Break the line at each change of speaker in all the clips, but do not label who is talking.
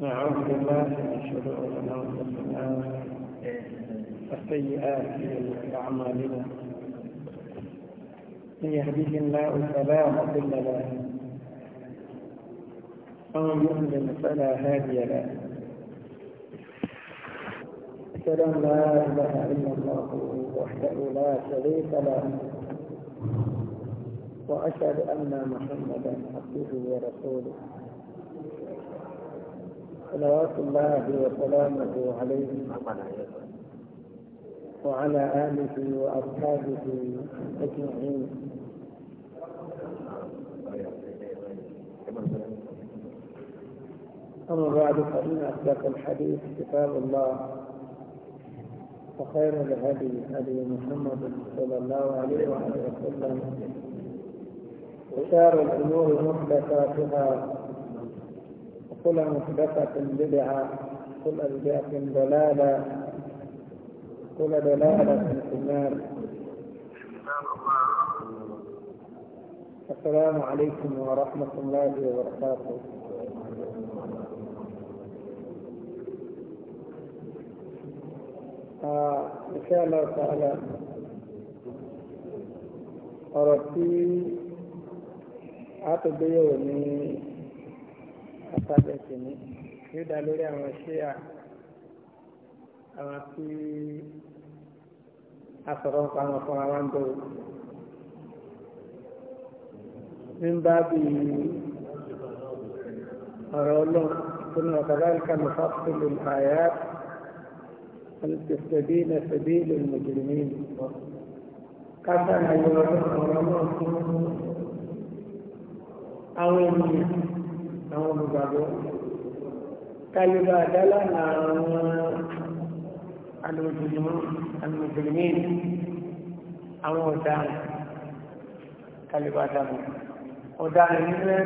نعوذ بالله من شرور انفسنا وسيئات اعمالنا من يهديه الله فلا مضل له ومن يضلل فلا هادي له أشهد أن لا إله إلا الله وحده لا شريك له وأشهد أن محمدا عبده ورسوله صلوات الله وسلامه عليه وعلى آله وأصحابه أجمعين أما بعد فإن أصدق الحديث كتاب الله وخير الهدي هدي محمد صلى الله عليه وآله وسلم وشار الأمور محدثاتها وكل محدثة بدعة كل بدعة ضلالة كل ضلالة في النار السلام عليكم ورحمة الله وبركاته آه إن شاء الله تعالى أردت àtògbéyẹ̀wò ní àtàbẹ̀tì ní yóò dá lórí àwọn ṣíà àwọn tí a sọ̀rọ̀ nípa àwọn fún àwọn àǹdọ̀ nígbà bí ọ̀rọ̀ ọlọ́run tó ní ọ̀kadà ìka nìfàkùnlù àyà alìsèbí na sèbí lè mùjìrìmí kásán àyẹ̀wò ọlọ́run ọ̀rọ̀ ọlọ́run tó ń mú àwọn ènìyàn àwọn olùgbàgbọ́ kálíbà dálánà àwọn alùmùsùlùmí àwọn ọ̀daràn kálíbà dàmù ọ̀daràn nílẹ̀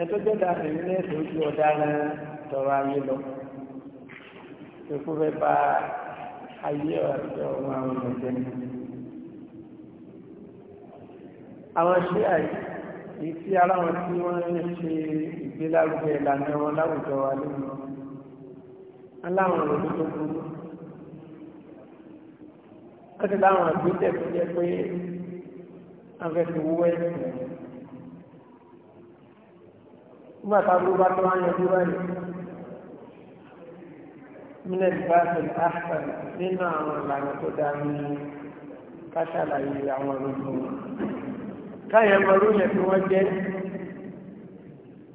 ẹ̀tọ́ jẹ́ dàmù nílẹ̀ tó ju ọ̀daràn tọrọ ayé lọ tó kó fẹ́ bá ayé ọ̀dọ́ àwọn ọmọ ìjẹni àwọn ṣíà yìí èyí tí ara wọn tí wọ́n ń ṣe ìgbélárugẹ ìlànà wọn láwùjọ wa lónìí aláwọn òbí tó burú wọ́n ti láwọn àgbéjẹ̀ tó jẹ́ pé afẹ́fẹ́wọ́ ẹ̀sìn nígbà táwọn bá tó wáyé ọdún wáyé mílẹ̀ ìbáṣẹ̀ àṣà nínú àwọn ìlànà tó dáa ní káṣàlàyé àwọn ológun wọn. káyọ̀ mọ̀rú yẹn tí wọ́n jẹ́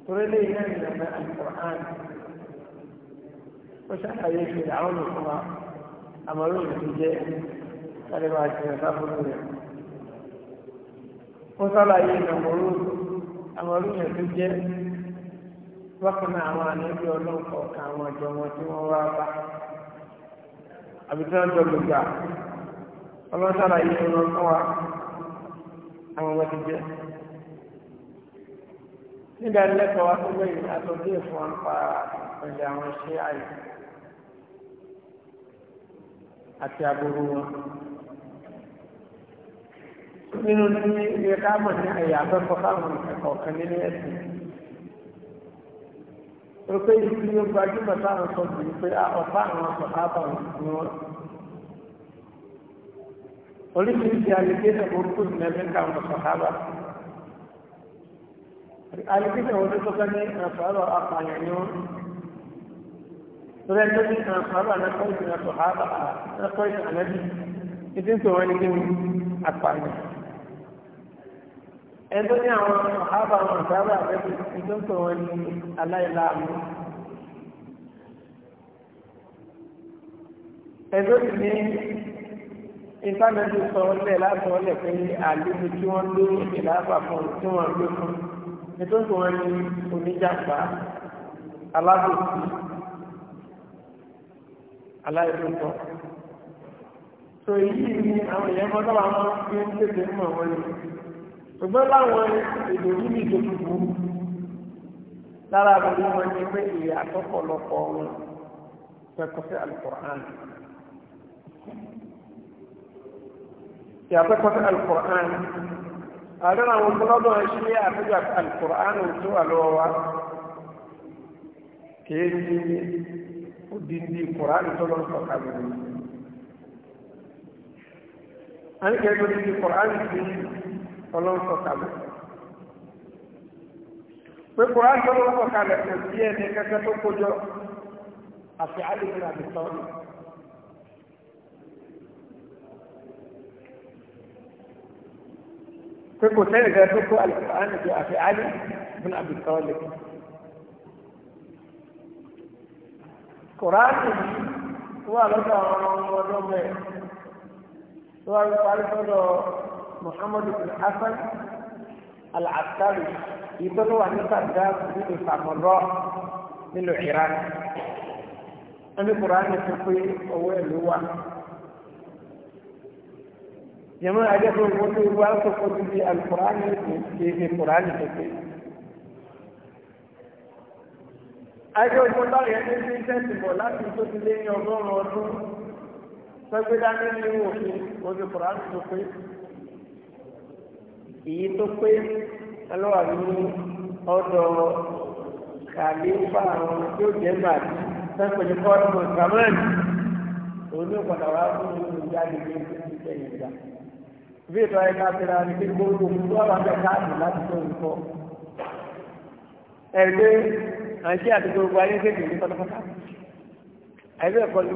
torí lẹ́yìn náà ìlànà alukur'an ó ṣàlàyé ìṣẹ̀lẹ̀ àwọn olùkọ́ àmọ̀rú yẹn ti jẹ́ kálí máa jẹ́ sáfúrú rẹ̀ ó je wọn àwọn ọmọ ti jẹ́ nígbà lẹ́kọ̀ọ́ wa tó lẹ́yìn àtọ́jú ìfún wọn pa ìpínlẹ̀ àwọn iṣẹ́ àyè àti aburú wọn nínú ní ilé káàmù ní àyà afẹ́kọ̀ọ́ káàmù ẹ̀kọ́ kan nínú ẹ̀sìn ó pé ìdílé gbajúmọ̀ táwọn sọ sí pé ọ̀pá àwọn sọ̀tà àbàwọ̀n ni wọ́n oríṣiríṣi alìkéṣẹ̀ orúkú mẹ́mẹ́ta ọmọ sọ̀hábà alìkéṣẹ̀ wọn tó sọ ní ẹ̀fọ́rọ̀ apààyàn ni wọ́n lórí ẹjọ́ ní ẹ̀fọ́rọ̀ ẹ̀kọ́ ìsìn sọ̀hábà ẹ̀kọ́ ìsìn ànẹ́bí ìdí tó wọ́n ní kíni apààyàn ẹjọ́ ní àwọn sọ̀hábà wọn sọ̀hábà àbẹ́bí ìdí tó wọ́n ní aláìláàmú ẹjọ́ sì ní ìfànàbí sọ ọ́lẹ̀ láti ọ́lẹ̀ pé àlejò tí wọ́n ló ìlàbà fún tí wọ́n ló fún nítorí wọn ní oníjàmbá alábòsí aláìlótọ́. sọ èyí ni àwọn èèyàn kan sábà máa ń fi ń tètè mọ̀ wọn ni ṣùgbọ́n láwọn èdè yìí tó kù lára àbẹ̀lẹ̀ wọn ni pé ìyá àtọ́pọ̀lọpọ̀ wọn fẹ́ sí àlùkò hàn. yàtọ̀ kọ́tà alukur'an àdánù àwọn ọmọlọ́dọ̀ ṣe àtúgbà alukur'an tó wà lọ́wọ́ wa kìí ní odindi kur'an tó lọ́wọ́ sọ̀kà lórí a ní kẹ́kọ̀ọ́ odindi kur'an tí ọlọ́wọ́ sọ̀kà lórí pé kur'an tó lọ́wọ́ sọ̀kà lórí kò sí ẹni kẹ́kẹ́ tó kójọ àti àdìgbò àti sọ́ọ̀nù pé kò sẹ́yìn rẹ̀ tó kó alukur'an ju àfi ali bin abi talib kùránì wà lọ́dọ̀ àwọn ọmọ ọdọ́ mẹ́rin tó wà lọ́dọ̀ alùpàdọ̀ muhammadu bin hasan al-askari ìtọ́lọ́ wà ní sàdá ní ìfàmọ́rọ́ nílùú iran ẹni kùránì tó pé owó jẹ́mọ́ ajẹ́kọ̀ọ́ wọn tó wá kókó tó di alukùránì ṣe ṣe kùránì pẹ̀pẹ́. ajẹ́kọ̀ọ́ wọn bá yẹn ní ṣe ń tẹ̀sí bọ̀ láti tó ti lé ní ọgọ́rùn-ún ọdún sọ́gbé dání ní òfin oṣù kùránì tó pé. èyí tó pé ọlọ́wà ní ọ̀dọ̀ kàlífà àwọn tó jẹ́ màdí sẹ́kọ̀ọ́ ní kọ́ọ̀tù mọ̀tàmẹ́ẹ̀dì òun ní ìpàdà wá fún ìjáde ní ìgbésẹ̀ ìgbà bí ètò ayé ká fẹ́ra ní kí gbogbo tó wà bẹ́ẹ̀ káàdì láti tó ń kọ́. ẹgbẹ́ àǹtí àti gbogbo ayé ṣègbè ní pátápátá àìbẹ́ ẹ̀kọ́ ni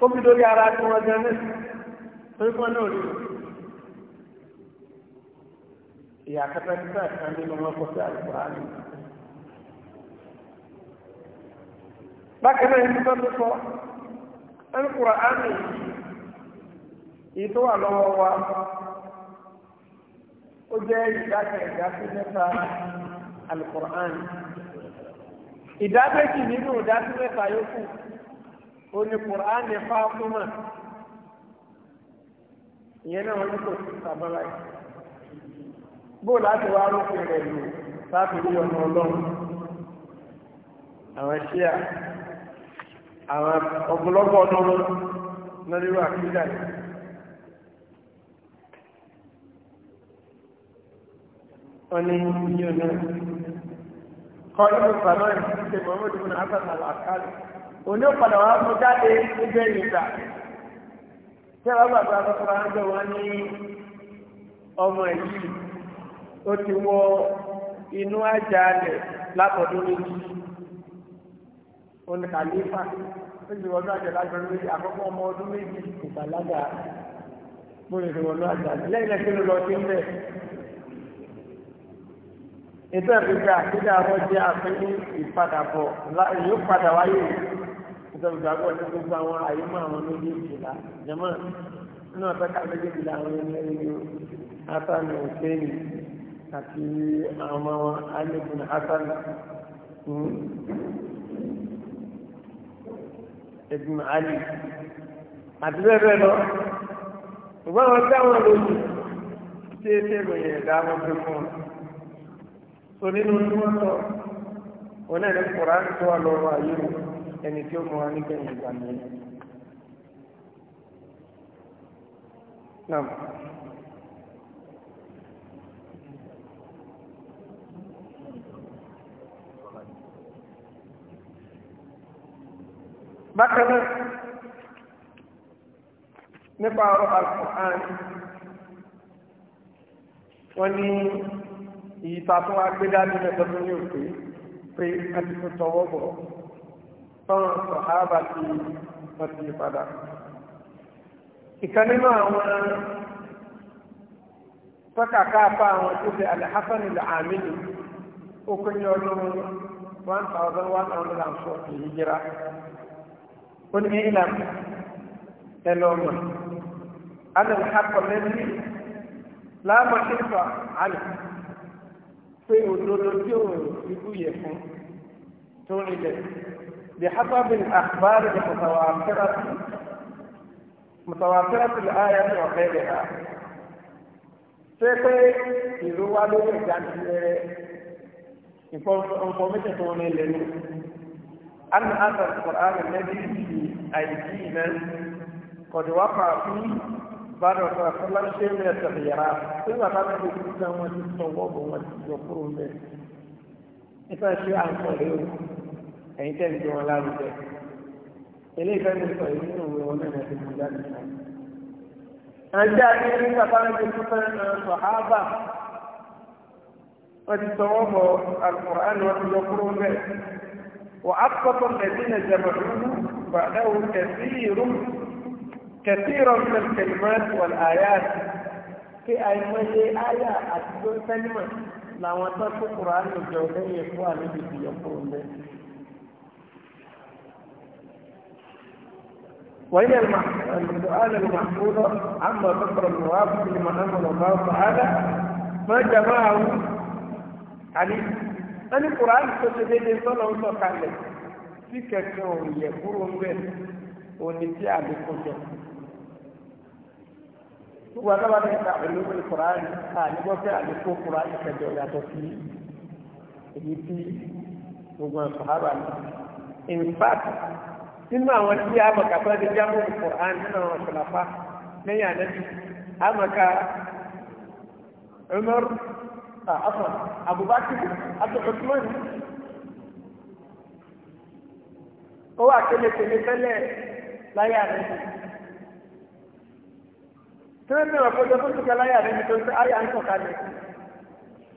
ó fi dórí ara tí wọ́n jẹ́ náà torí kan náà rí ìyá kátàkítà kan nínú wọn kọ sí àlùkò àná. bákan náà ní tó tó sọ ẹnukura àná yìí tó wà lọ́wọ́ wa ó jẹ́ ìdáka ìdákú mẹ́ta alukur'an ìdábẹ́jì nínú ìdákú mẹ́ta yòókù ó ní kur'an ní fáfúmà ìyẹn náà wọ́n ní kò sí sábàlá yìí bó láti wá rúfin rẹ̀ lò láti rí ọmọ ọlọ́run àwọn ṣíà àwọn ọ̀pọ̀lọpọ̀ ọdún lórí wà kíjà yìí. wani yíò náà kọ́ ní mo bàbá rẹ̀ ṣe mohammed bin hasan al-akali òní padà wà mú jáde ẹgbẹ́ ìgbà tí a bá gbàgbọ́ akọ́kọ́rọ́ àjọ wa ní ọmọ yìí ó ti wọ inú àjà rẹ̀ látọ̀dún méjì òní kàlífà ó sì wọnú àjà lágbọ̀n méjì àkọ́kọ́ ọmọ ọdún méjì ìgbàlagbà bóyá ìwọ̀nú àjà lẹ́yìn lẹ́sìn ló lọ sí ń bẹ̀ ètò ìgbésẹ̀ àkídà wọn jẹ́ àpínlẹ̀ ìpadàbọ̀ yóò padà wáyé ètò ìgbàgbọ́ ní gbogbo àwọn àyímọ̀ àwọn méjèèjì là jẹ́mọ́ nínú àtàkà méjèèjì là àwọn ẹni ẹni hasan hussein àti àwọn alẹ́kùn hasan hmm. ibn ali àti bẹ́ẹ̀ bẹ́ẹ̀ lọ ìgbà wọn dáwọn lójú tí ètò ìròyìn ẹ̀dá wọn fi fún un so nínú tí wọ́n sọ oní ẹ̀rọ kọ̀ọ̀rọ̀ á tó wà lọ́wọ́ ayé mu ẹni tí ó mọ wa nígbẹ̀yìn ìgbà nìyẹn. Nam. Bákan náà, nípa ọ̀rọ̀ àlùkò àárín, wọ́n ní ìta tó wá gbé dání mẹ́ta tó ní òkè pé àti tó tọwọ́ bọ̀ tán sọ̀hábà tí wọ́n ti padà. ìkan nínú àwọn tọ́kàká apá àwọn tó ṣe alhassan al-amini ọdún 1140 hijira ó ní ìlà ẹlọ́mọ alhassan lẹ́yìn láàmú ṣífà alhassan pé òdodo tí ò ibú yẹ fún tó rinlẹ̀ bí hasabin akhbar da mutawafirat al-aya wa ghayriha sai pé ìró wa lórí ìdánilẹ́rẹ́ information tó ní lẹ́nu أن هذا القرآن الذي في أيدينا قد وقع فيه bára ọ̀sán àkọlá ṣé ń rẹ̀ tẹ̀lé yàrá tí bàbá mi lè kú náà wọ́n ti sọ wọ́ọ̀bù wọn ti yọ kúrò ń bẹ̀. nípa ṣé à ń sọ rèé o ẹ̀yin tẹ̀ ń gbé wọn lárugẹ. ilé كثيرا من الكلمات والآيات في أي مجيء آية أتدون كلمة لا وطلق القرآن الجوهري يقوى يقول به وهي السؤال المحفوظ عما ذكر الموافق لما أمر الله تعالى ما جمعه يعني أن القرآن تتدين صلى الله عليه وسلم في كثير يقول به ونسي gbogbo àtàwọn àti ìta pẹ̀lú pẹ̀lú kùránì ká nígbà pé àlékò kùránì kẹjọ yàtọ̀ sí èyí tí gbogbo àǹfààrà ní. in fact nínú àwọn tí a mọ̀ kàtọ́ ti jábọ̀ kùránì nínú àwọn ìṣọ̀làfà lẹ́yìn àdẹ́bí a mọ̀ ká Umar afọ Abubakar àti Usman ó wà kélékèlé tẹ́lẹ̀ láyé àdẹ́bí. tí wọ́n bẹ̀rẹ̀ ọ̀pọ̀jọ́ tó tún kẹláyà rẹ̀ nítorí pé àyà ń tọ̀ kalẹ̀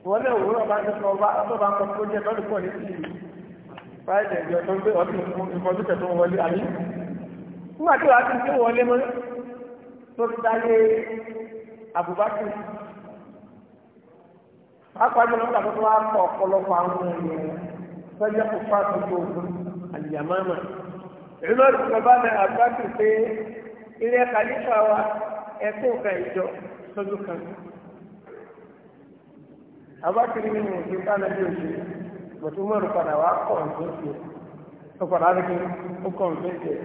wọ́n lé ọba ọba kan tó jẹ́ lọ́dún pọ̀ ní sí i fáìlì ọdún ìfọdúkẹ̀ ẹ̀kọ́ ka ìjọ lọ́dún kan. Abákiri nínú òfin kánà bí òṣè, bọ̀tú mọ́rù padà wá kọ̀ ọ̀dún sí ẹ̀. Ó padà rí kí ó kọ̀ ọ̀dún sí ẹ̀.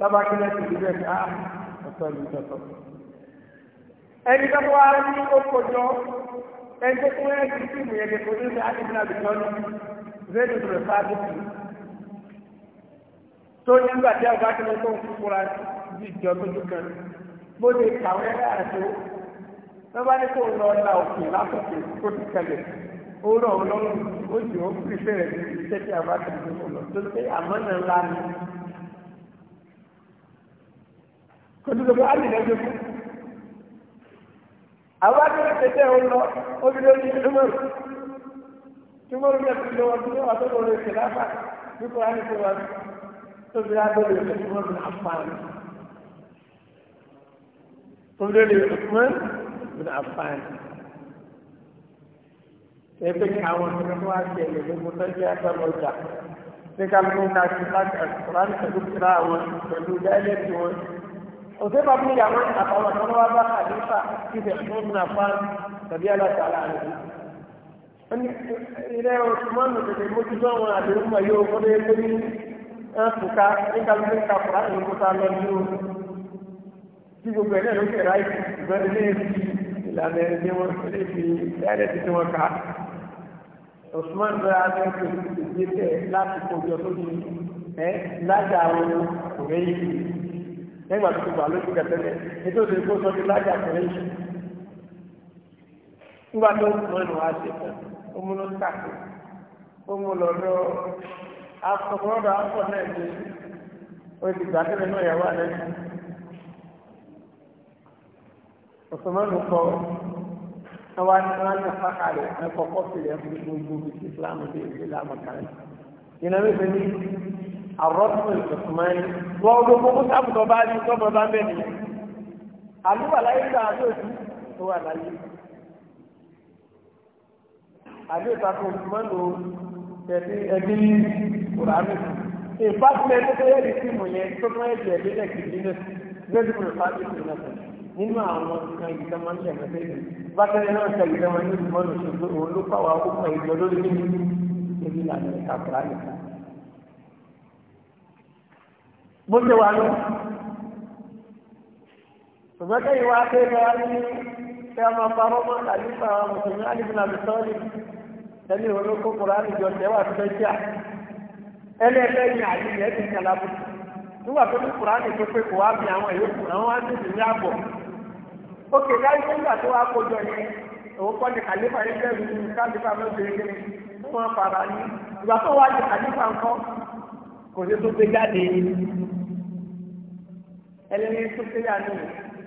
Lábákí lẹ́sìn ìlú ẹ̀ ká ọ̀tọ̀ ìlú tọ̀tọ̀. Ẹni tó wá ní okòjọ́, ẹni tó kún ẹ̀ sí fíìmù yẹn kò ní ṣe àdìsí náà bìtọ́ ní Zéèdì Bùrẹ̀ Fáàdìsì. Tó nígbà tí Abákí lọ́tọ̀ ń fúnra sí bí ìjọ lójú kan bó lè kàwé náà tó wọ́n bá ní kó lọ la òkè lásòkè kó ti kalẹ̀ ó rọ̀ ọ́ lọ́rùn ó jù ó pèsè rẹ̀ ní iṣẹ́ tí a bá tẹ̀lé ó lọ tó ṣe àmọ́nà ńlá ni. kò ní gbogbo àmì lẹ́jọ́ fún. àwọn akéwì tẹ̀tẹ̀ ó lọ obìnrin ní túmọ̀rù túmọ̀rù yẹn ti lọ wọn tí wọ́n tó lọ lọ ìṣẹ̀lá fà nípa àníkó wọn tóbi lábẹ́lẹ̀ ìṣẹ̀lá fà ní tó lórí Usman bin Affan ẹgbẹ́ ní àwọn ọmọ tó wá ṣẹlẹ̀ ní mo tọ́jú àtọ́lọ́ ọjà ní kálukú ká ti láti àkùrán pẹ̀lú kíra wọn pẹ̀lú dáẹ́lẹ́tì wọn òṣèlú bá fún ìyàwó àtàwọn ọmọ wa bá kàdífà kí ṣe fún bin Affan tàbí aláta aláàlú ilé Usman tètè mójú tó àwọn àdéhùn mọ̀ yóò kọ́ lé lórí ẹ̀fùká ní kálukú ká kùrán ìlú kó tá lọ ní òun tí gbogbo ẹ̀ náà ló kẹ̀ ráì ìgbọ́n ilé fi ìlànà ẹni wọn lè fi dáìrẹ́tì tí wọ́n kà á. Osman bá a fẹ́ fi ìgbésẹ̀ láti kojọ tó di ẹ́ lájà àwọn ọ̀rẹ́ yìí. Nígbà tó ti wà lójú kẹtẹ́lẹ̀, nítorí kó sọ ti lájà ọ̀rẹ́ yìí. Nígbà tó mọ̀ ní wàá ṣe fún ó mú lọ sàkó, ó mú lọ lọ akọ̀rọ̀ akọ̀ náà ní oṣù gbàtẹ́lẹ̀ náà yà wà lẹ́nu ọ̀sọ̀mọ́nù kọ́ àwọn aráàlú àpákàlẹ̀ ẹ̀kọ́kọ́ sílẹ̀ fún gbogbo islam dé islam kan yìí náà wípé ní àrọ́tún ìsọ̀tùmáyé wọ́n gbogbo kó sábùtọ̀ bá ní tọ́mọ bá ń bẹ̀ nìyẹn àlúwà láyé gbà àdóòtú tó wà láyé àdóòtú àti òṣùmọ́nù tẹ̀lé ẹbí kùránù ìfásitì ẹgbẹ́ tó yẹ kí mò yẹn tó tún ẹ̀jẹ̀ ẹ̀dínlẹ̀ kìdínlẹ̀ lórí kùránù fásitì náà nínú àwọn nǹkan ìgbà máa ń ṣẹ̀fẹ̀ tẹ́lẹ̀ bákẹ́rẹ́ náà ṣe ìgbà máa ń ní ìmọ̀nù ṣùgbọ́n òun ló pàwọ́ àkókò ìjọ lórí nínú ibi ìlànà ìtàkùrá nìkan. bó ṣe wà lọ ṣùgbọ́n kẹ́yìn wá pé lọ́wọ́ ní kí a máa parọ́ mọ́ àlùfà mùsùlùmí àlùfà mùsùlùmí tẹ́lẹ̀ òun ló kó kùrá nìjọ tẹ́wà tó fẹ́ ẹlẹ́ẹ̀lẹ́yìn ni yẹn ti nígbà tó ní kùránì tó pé kò wá bí àwọn ìyókù àwọn wá sí ìdílé àbọ̀ òkè láyé nígbà tó wá kó jọ yẹn òun kọ́ ní kàlífà yẹn bẹ́ẹ̀ lù ní kàlífà mẹ́sẹ̀rẹ́ kí ni wọ́n fara ní ìgbà tó wá ní kàlífà ńkọ́ kò sí tó gbé jáde ẹlẹ́ni tó gbé jáde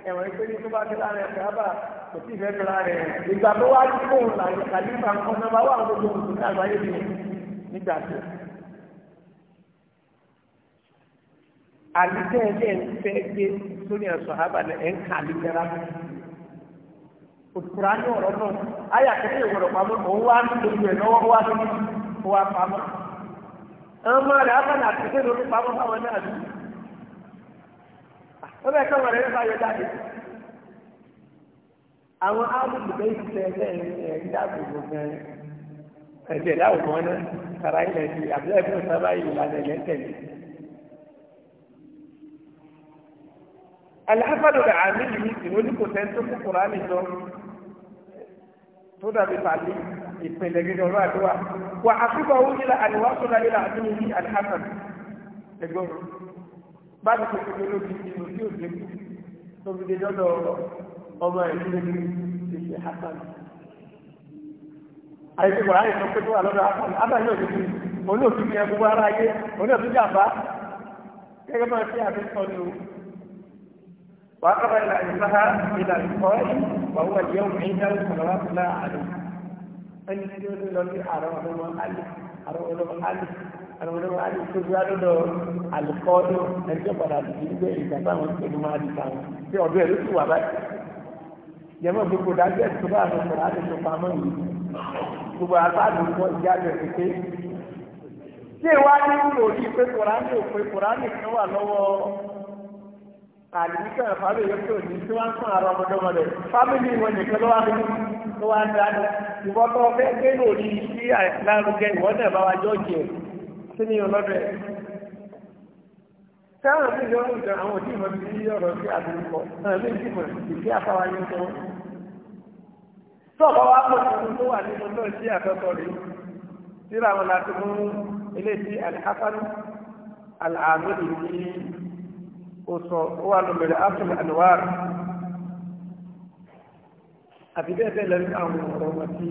ẹ̀wọ̀n ìpè ní tó bá dé lára ẹ̀ sábà kò sí ìfẹ́ tó lára ẹ̀ ìgbà tó wá ní kóun là ní kàlífà ńkọ́ náà wà gbogbo òkùnkùn àgbáyé mi nígbà tó. àlùfẹ́ ẹ̀ ń fẹ́ gbé sórí ẹ̀ òkùrá anyị ọ̀rọ̀ náà ayé àkẹ́kẹ́ ìwọ̀rọ̀ pamọ́ òun wá ní gbogbo ẹ̀ wá sí kó wá pamọ́ ọmọ rẹ̀ afẹ́nà àtẹ̀kẹ́ lórí pamọ́ fáwọn náà lù ó bẹ́ẹ̀ kọ́ wọ̀rẹ́ nípa yọ jáde àwọn ábùkù bẹ́ẹ̀ ti dáàbò ẹ̀jẹ̀ dáàbò kàrà ilẹ̀ ti àbúrò ẹ̀fọ́ sábà yìí tẹ̀lé tó dàbí tàbí ìpìlẹ̀ gẹ́gẹ́ ọ̀rọ̀ àdúrà wà àfikọ̀ owó nílà àdìwásọ́lá nílà àdúrà ní àdìhásàn ẹgbọ́rọ̀ bá ti pèsè lórí ìlú tí n'oge dé kú tó fi dé lọ́dọ̀ ọmọ ìlú ní ìṣe hasan àìsí wàá yìí sọ pé wà lọ́dọ̀ hasan abáyé òde kú وأقرب إلى أنفها إلى القائل وهو اليوم عند صلوات الله عليه أن يقول لولي أرونه علي أرونه علي أرونه علي تزال له القائل أن يقول لولي إذا ما ممكن ما يفعل في أبي رسول وبعد yẹmọ gbogbo dájú ẹsùn bá àwọn ọmọ láti tó pamọ́ yìí gbogbo àbáàdùn kọ ìyáàdùn ẹsẹ tí ìwádìí wúlò yìí pé àdìsíkà fábílì yẹn tó ní tí wọ́n ń fún àrọ ọmọdéwọlé fábílì wọn nìkan ló wá fi ní tó wá ń dáná ìwọ tó fẹ́ gbé lórí sí àìlárugẹ ìwọ náà bá wa jọ́ọ̀jì ẹ̀ sí ní ọlọ́dọ̀ ẹ̀. sáwọn àti ìjọba ìjọ àwọn òdì ìmọ̀ sí ọ̀rọ̀ sí àdúgbò náà lè dì mọ̀ ìdí àfáwá yẹn tó. sọ̀rọ̀ wa pọ̀ tuntun tó wà nínú náà sí àtọ́tọ̀ rẹ̀ síra wọn láti mú eléyìí alhassan alhamdulilayi ó sọ ó wà lómi rẹ̀ afro anwar àti bẹ́ẹ̀ bẹ́ẹ̀ lẹ́nu àwọn ọ̀rọ̀ wọn tí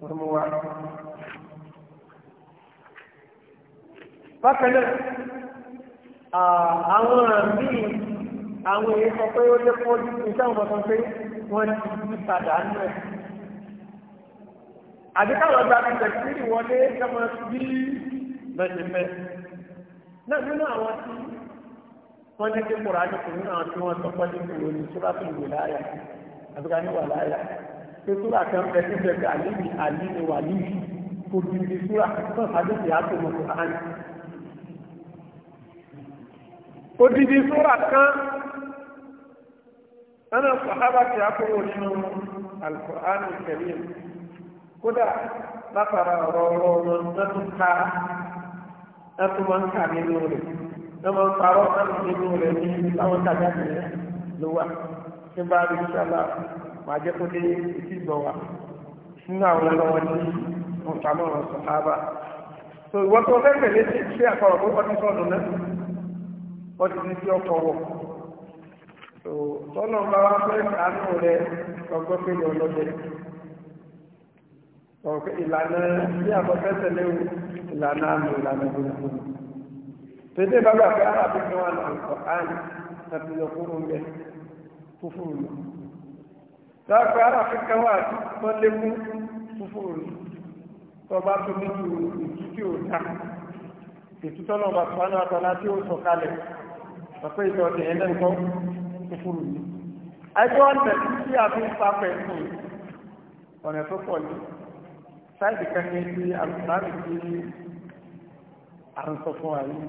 wọ́n mú wa. bákan náà àwọn míì àwọn èèyàn sọ pé ó lé pọ́jú ní sáwọn ọmọ kan pé wọ́n ti yí padà nù ẹ̀. àti káwọn gba ti tẹ̀síìrì wọlé ká máa bí bẹ́ẹ̀ ni bẹ́ẹ̀. náà nínú àwọn tí wọ́n ní kí kùránì kò ní àwọn tí wọ́n sọ pé nínú ìwé ní súrátù wàláyà àbíká ní wàláyà pé súrà kan bẹ tí bẹ àlíbi àlíbi wàlíbi kò ju ibi súrà tó sábẹ́ ìyá tó mọ kùránì. odidi súrà kan ẹnà sàhábà tí a nínú alukùránì kẹlẹ́ kódà látara ọ̀rọ̀ ọ̀rọ̀ wọn tó ká ẹtù nínú rẹ̀ wọ́n máa ń parọ́ láti ṣe inú rẹ̀ ní táwọn tàbí àtìlẹ́ ló wà tí bá rí sábà wà jẹ́ kó dé etí ìgbọ̀ wa sínú àwọn ọlọ́wọ́ ní wọn pamọ́ wọn sọ ábà. tó ìwọ tó fẹ́ tẹ̀lé sí ṣé àkọrọ̀ pé ọdún sọ̀dún náà wọ́n ti ní sí ọkọ̀ wọ̀. tó tọ́nà bá wá fẹ́ àánú rẹ ọgbọ́n pé ní ọlọ́dẹ. ìlànà bí àbọ̀fẹ́ tẹ̀lé ìlànà àmì ìlànà gbogbo tètè bàbá pé arábì ni wọn lọ sọ àná àti ìyọkúrò ń bẹ fúfúrú ni tọ́pẹ arábì kan wà wọ́n lé mú fúfúrú ni tọ́ba tó ní ju ìtútù òdà ìtútù náà bá tọ́ba náà tọ́lá tí ó sọ kalẹ̀ pàpẹ́ ìtọ́ ọ̀dẹ̀ ẹ̀ lẹ́nkọ́ fúfúrú ni. ẹjọ́ ọ̀nà tí a fi ń pa pẹ̀lú ọ̀nà tó pọ̀ yìí sáìdì kan ní ti àlùfáàlì tí à ń sọ fún wa yìí.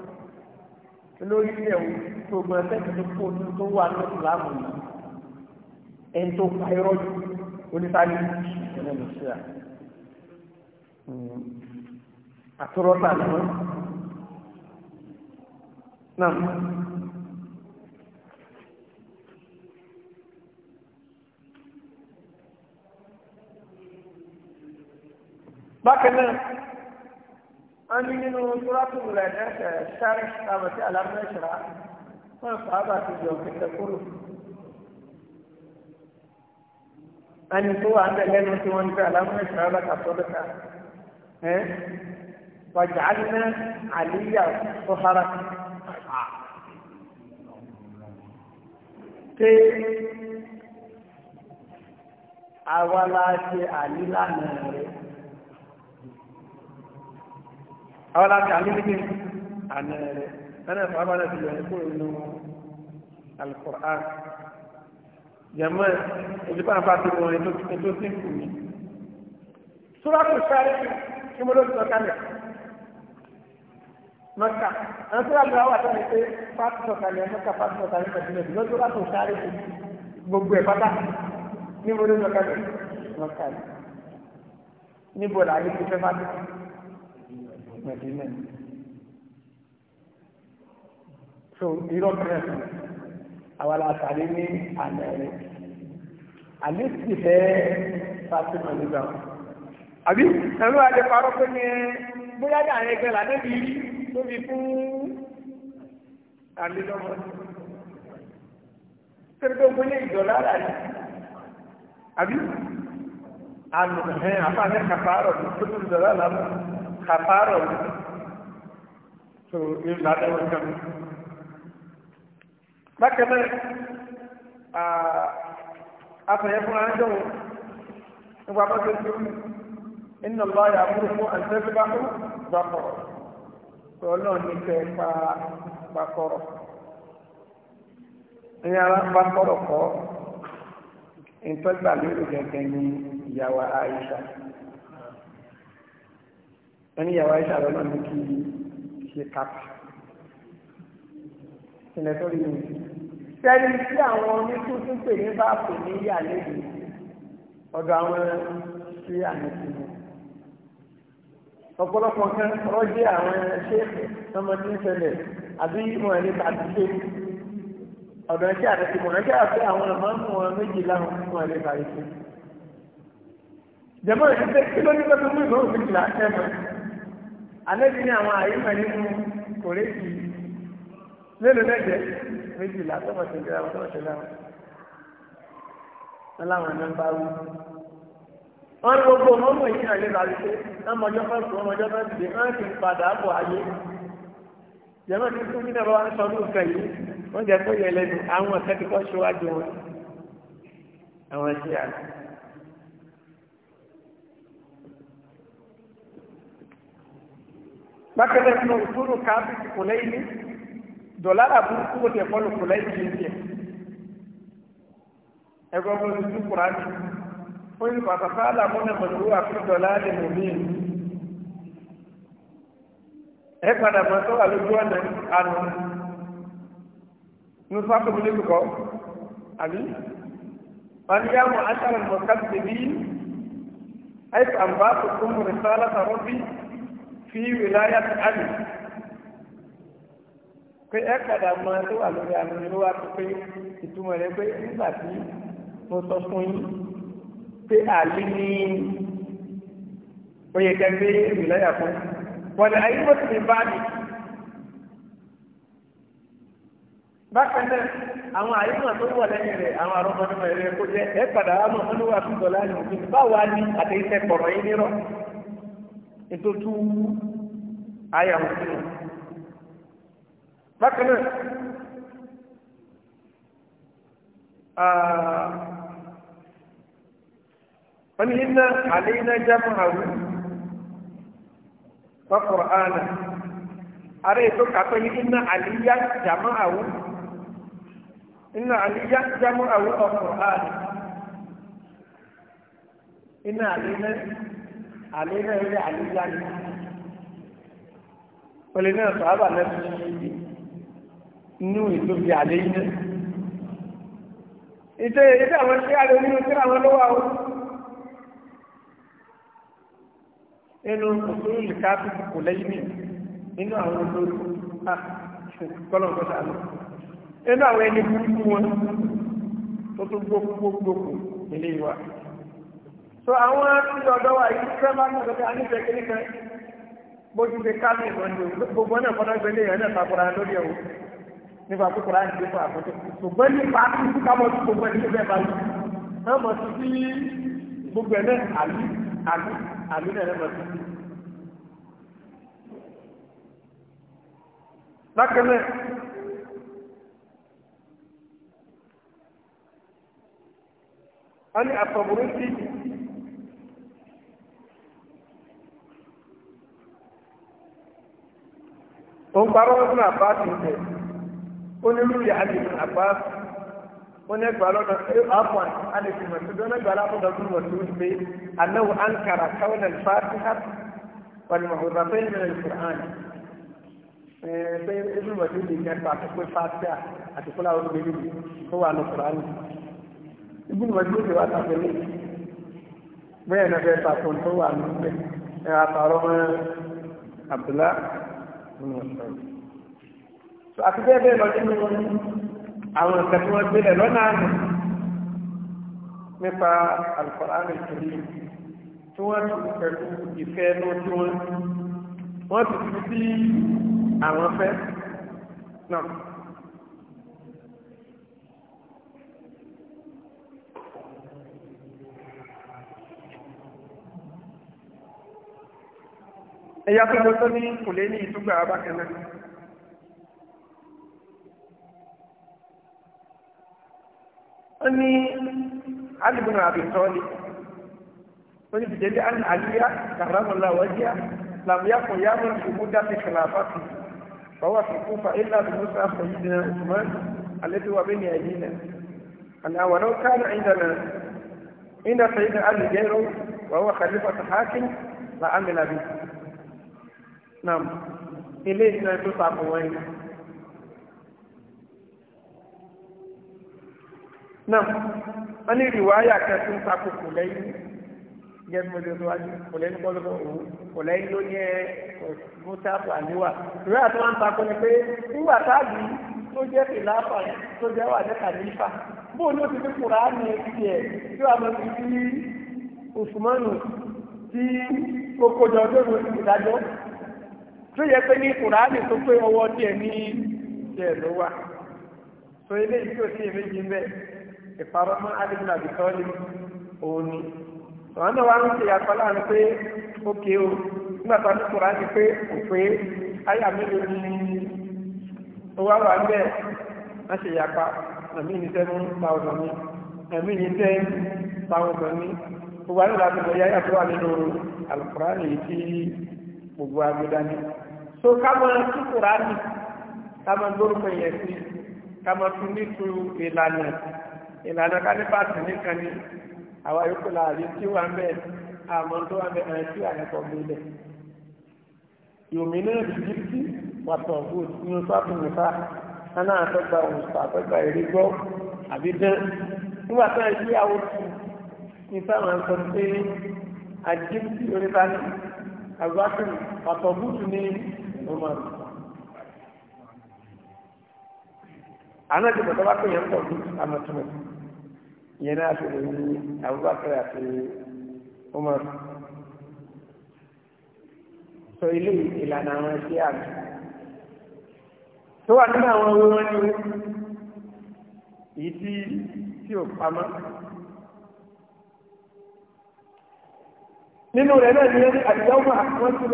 lórí ilẹ̀ wò gbogbo ẹ̀fẹ́ tuntun kó o tó wà ní ìsìlámù yìí ẹni tó pa irọ́ jù oníṣàlẹ̀ ìṣẹ̀lẹ̀ lọ́síà hmm. àtúrọ́tà ni wọ́n náà. bákan náà أني من سورة الولاد شارح كتابة ألم نشرح ما صعبة اليوم تقول أن تو عند لين وتون ألم نشرح لك أصولك وجعلنا عليا صهرك pé àwa la ṣe àlílànà rẹ̀ àwọn láti àmìlìkì àmì ẹ̀rẹ̀ ẹ̀rẹ̀ fàábà náà ti yọ ẹ̀kọ́ inú alkùrán jẹ́mọ́ ìjọba àpá ti wọ ètò tí kù ní súrákù sáré kí mo ló ti sọ̀kalẹ̀ mọ́kà àwọn súrà lọ́wọ́ wà sọ́ni pé fáàtì sọ̀kalẹ̀ mọ́kà fáàtì sọ̀kalẹ̀ kẹ̀sílẹ̀ ṣùgbọ́n súrákù sáré kù gbogbo ẹ̀ pátá ní mo ló sọ̀kalẹ̀ mọ́kà níbo làwọn ètò fẹ́ fáàtì mẹ̀dínà so irọ́ kẹrẹ̀kẹ́ àwọn aláṣàlẹ̀ ní àná rẹ̀ àlẹ́ sì fẹ́ Fatima nígbà wọn àbí ẹ̀rọ àjẹparọ́ pé ní bóyá ní àyẹ̀ gẹ̀ là débi lóbi fún àlélọ́mọ tẹ́lẹ̀ gbogbo ní ìjọba àlàyé àbí àlùfẹ́ àfààní kàfàárọ̀ tó tó ìjọba àlàmọ́ kàfàrọ̀ tó ìlànà ọ̀kan. Bákan náà, àfẹ̀yẹ́ fún àjọ nípa bọ́sẹ̀ tó iná lọ yà mú fún àtẹ́síbákú gbàkọ̀rọ̀. Ọlọ́run ní kẹ́ pa gbàkọ̀rọ̀. Ní ara gbàkọ̀rọ̀ kọ́, ìtọ́gbà lérò gẹ́gẹ́ ní ìyàwó Aisha ẹni yàrá iṣẹ́ rẹ̀ náà ní kí ṣe kápá ìṣẹ̀lẹ̀ tó rí mi. sẹ́ni tí àwọn oníkú tún pè ní bá pè ní yà lébi ọ̀dọ̀ àwọn sí àmì tìǹbù. ọ̀pọ̀lọpọ̀ kan rọ́jẹ́ àwọn ṣé ọmọdé ń ṣẹlẹ̀ àbí wọn ní bàtí ṣe ọ̀dọ̀ ẹ̀ṣẹ́ àti mọ̀nàṣẹ́ àti àwọn ìmọ̀ọ́mù wọn méjì láwọn wọn lè bàrí ṣe. jẹ́mọ́ kí ló ní pẹ́ tó mú ìmọ̀ọ́mù méjìlá ẹ̀mọ́ àlẹ́bí ní àwọn àyíká nínú kòrèjì mélòó lẹ́jẹ̀ méjìlá tọ́mọ̀tẹ̀lẹ́ àwọn tọ́mọ̀tẹ̀lẹ́ àwọn aláwọn ẹ̀mẹ́ ń bá wú. wọ́n ní gbogbo ọmọ yìí náà lè bá wí pé ọmọjọ́ fẹ́ sùn ọmọjọ́ fẹ́ dìde wọ́n ti padà bọ̀ ayé. jẹ́mọ́ ti tún ní ẹ̀rọ wa ń sọ ní nǹkan yìí wọ́n jẹ́ pé yẹlẹ́nu àwọn ẹ̀kẹ́ ti kọ́ wọn. àwọn ẹ̀ṣẹ́ àná bákẹ́lẹ́ fún òṣùrù káàbì kò lẹ́yìn dọ̀lára burúkú ó tẹ̀ fọ́lù kò lẹ́yìn kì í tiẹ̀ ẹgbẹ́ ọmọ ìlú kùránì ó yí pàtàkì alámúnà mọ̀lúwù àfi dọ̀lára lè mú mí ẹ padà mọ̀ tó wà lójú ọ̀nà àná nufa tó mi lébi kọ́ àbí wọn yá mọ̀ àtàrà mọ̀ kábíyèbí àìsàn bá tó kún mọ̀ rẹ̀ sálà tàbí fi wìláyà àmì pé ẹ padà mọ tó wà lórí àmì ló wá pé ìtumọ̀ rẹ pé nígbà tí mo sọ fún yín pé àlè ní oyè àwọn àyíkàn tó wà lẹ́yìn rẹ̀ àwọn àrọ́mọdé rẹ̀ kó jẹ́ padà fún ní ètò tú àyà òfin bákan náà wọ́n ní iná àlẹ́ iná jámọ́ àrùn fọ́kọ̀rọ̀ ààrẹ ààrẹ ètò kàtọ́ ní iná àlẹ́yà jámọ́ àrùn iná àlẹ́yà jámọ́ àrùn ọ̀kọ̀rọ̀ ààrẹ iná àlẹ́yà àlẹ́ náà rí àlẹ́ náà sọ àbà inú ìtòbi àlẹ́ yìí ìtẹ́ ìtẹ́ àwọn tí a lè nínú tí àwọn lówà ó kò lẹ́yìn mi nínú àwọn olóòtú ah, kọ́lọ̀kọ́ sàánù inú àwọn ẹni so àwọn ìjọ ọ̀dọ́ wa yìí fẹ́ bá mọ̀ lọ́kẹ́ àníṣe kiri kan bójú ṣe ká ní ìbọn ní o gbogbo náà kọ́nà gbé lé ìrẹ́lẹ̀ takura lórí ẹ̀wò nípa kúkúrú àti ìdíkọ̀ àkọ́tọ̀ ṣùgbọ́n nípa kíkú kámọ́ sí gbogbo ẹni bẹ́ẹ̀ bá lù náà mọ̀ sí sí gbogbo ẹ̀ náà àlú àlú àlú náà mọ̀ sí. bákan náà ó ń parọ́ fún àbáàtì ìtẹ̀ ó ní lórí àdìsí àbáàtì ó ní ẹgbàá lọ́dọ̀ àpọ̀n àdìsí mọ̀túndọ́ ẹgbàá lọ́dọ̀ fún mọ̀túndọ́ pé anáwó ankara káwọn alifáàtì hàtì wàlúmọ̀húnrà fẹ́ nínú ìfúrán pé ebi mọ̀túndọ́ ìjẹta àtúpẹ́ fàtì àtúpẹ́ láwọn olùgbèlú tó wà ní ìfúrán ibi mọ̀túndọ́ wà tàbílẹ̀ bẹ́ẹ̀ náà fẹ́ tàkùn tó wà ní ìfẹ́ ẹ̀ nínú ọ̀sán yìí. àti bẹ́ẹ̀ bẹ́ẹ̀ lọ nínú àwọn ìtẹ̀ tí wọ́n gbélé lọ́nà àná nípa Al-Qur'an Al-Karim tí wọ́n ti pẹ̀lú ìfẹ́ ẹnu tí wọ́n ti fi sí àwọn fẹ́ náà. ẹ̀yà tó gbogbo ní kò lè ní ìtúgbà abákan náà. ó ní alìbùnà àbìtọ́lì ó ní bìjẹ́lì àlìyá kàrámọ̀lá wájíà làmúyá kò yá mọ̀ ìmúdá ti kàlàfàtì فهو في الكوفة إلا بموسى سيدنا عثمان التي هو بين أيدينا أنا ولو كان عندنا عند سيدنا علي غيره وهو خليفة حاكم لعمل به nam ilé ìsinmi tó takò wọn yìí nam wọn ní ìrìwáyà kan tó ń takò kò lẹ́yìn gẹ́gẹ́ bí ọdún wájú kò lẹ́yìn kọ́ lọ́wọ́ òun kò lẹ́yìn ló ní ẹ mọ́tàbù àníwà ìwé àti wọn ń takò ni pé nígbà táàbì tó jẹ́ ìlàpà tó jẹ́ wà ní kàlífà bóun ló ti fi kura ní tiẹ̀ tí wàá mọ̀ sí bí tí kókó jọ tó ìdájọ́ tó yẹ pé ní kùránì tó pé ọwọ́ díẹ̀ ní díẹ̀ ló wà tó ilé ìjọ sí èméjì ń bẹ ìparọ́mọ́ adébúlà bìtọ́lì òun ni àwọn náà wá ń ṣe yàtọ̀ láàrin pé ókè o nígbà tó ní kùránì pé òpè ayà mélòó ni ó wá wà ń bẹ wọ́n ṣe yàpa àmì ní seven thousand ní àmì ní ten thousand ní gbogbo àwọn ìlànà ìgbéyàwó yàtọ̀ wà nínú alukùránì yìí tí gbogbo agbẹ́dání so ká máa tú kùránì ká máa gbórúkọ yẹn sí ká máa fi nítu ìlànà ìlànà kánífàtì nìkan ni àwa yòókù láàrin tí wà ń bẹ àmọ́ tó wà ń bẹ àyàn tí wà ní kọ́ gbélé yòmínà ìdíjì wàtọ̀ gòd ní oṣù àtúnṣe náà àtọ́gbà òṣù àtọ́gbà ìrìgbọ́ àbídán nígbà tó ẹ sí àwọn oṣù ní sáwọn sọ pé àjíǹtì oríta ní àgbákùn wàtọ̀ ní Umar anabi bàtà bá kéèyàn pọ̀ ju amatuma yẹn náà fi Abubakar àti Umar sọ ilé ilana àwọn ẹgbẹ́ àgbà tó wà nínú àwọn owó wọn ni èyí tí tí ò nínú rẹ̀ náà ni ti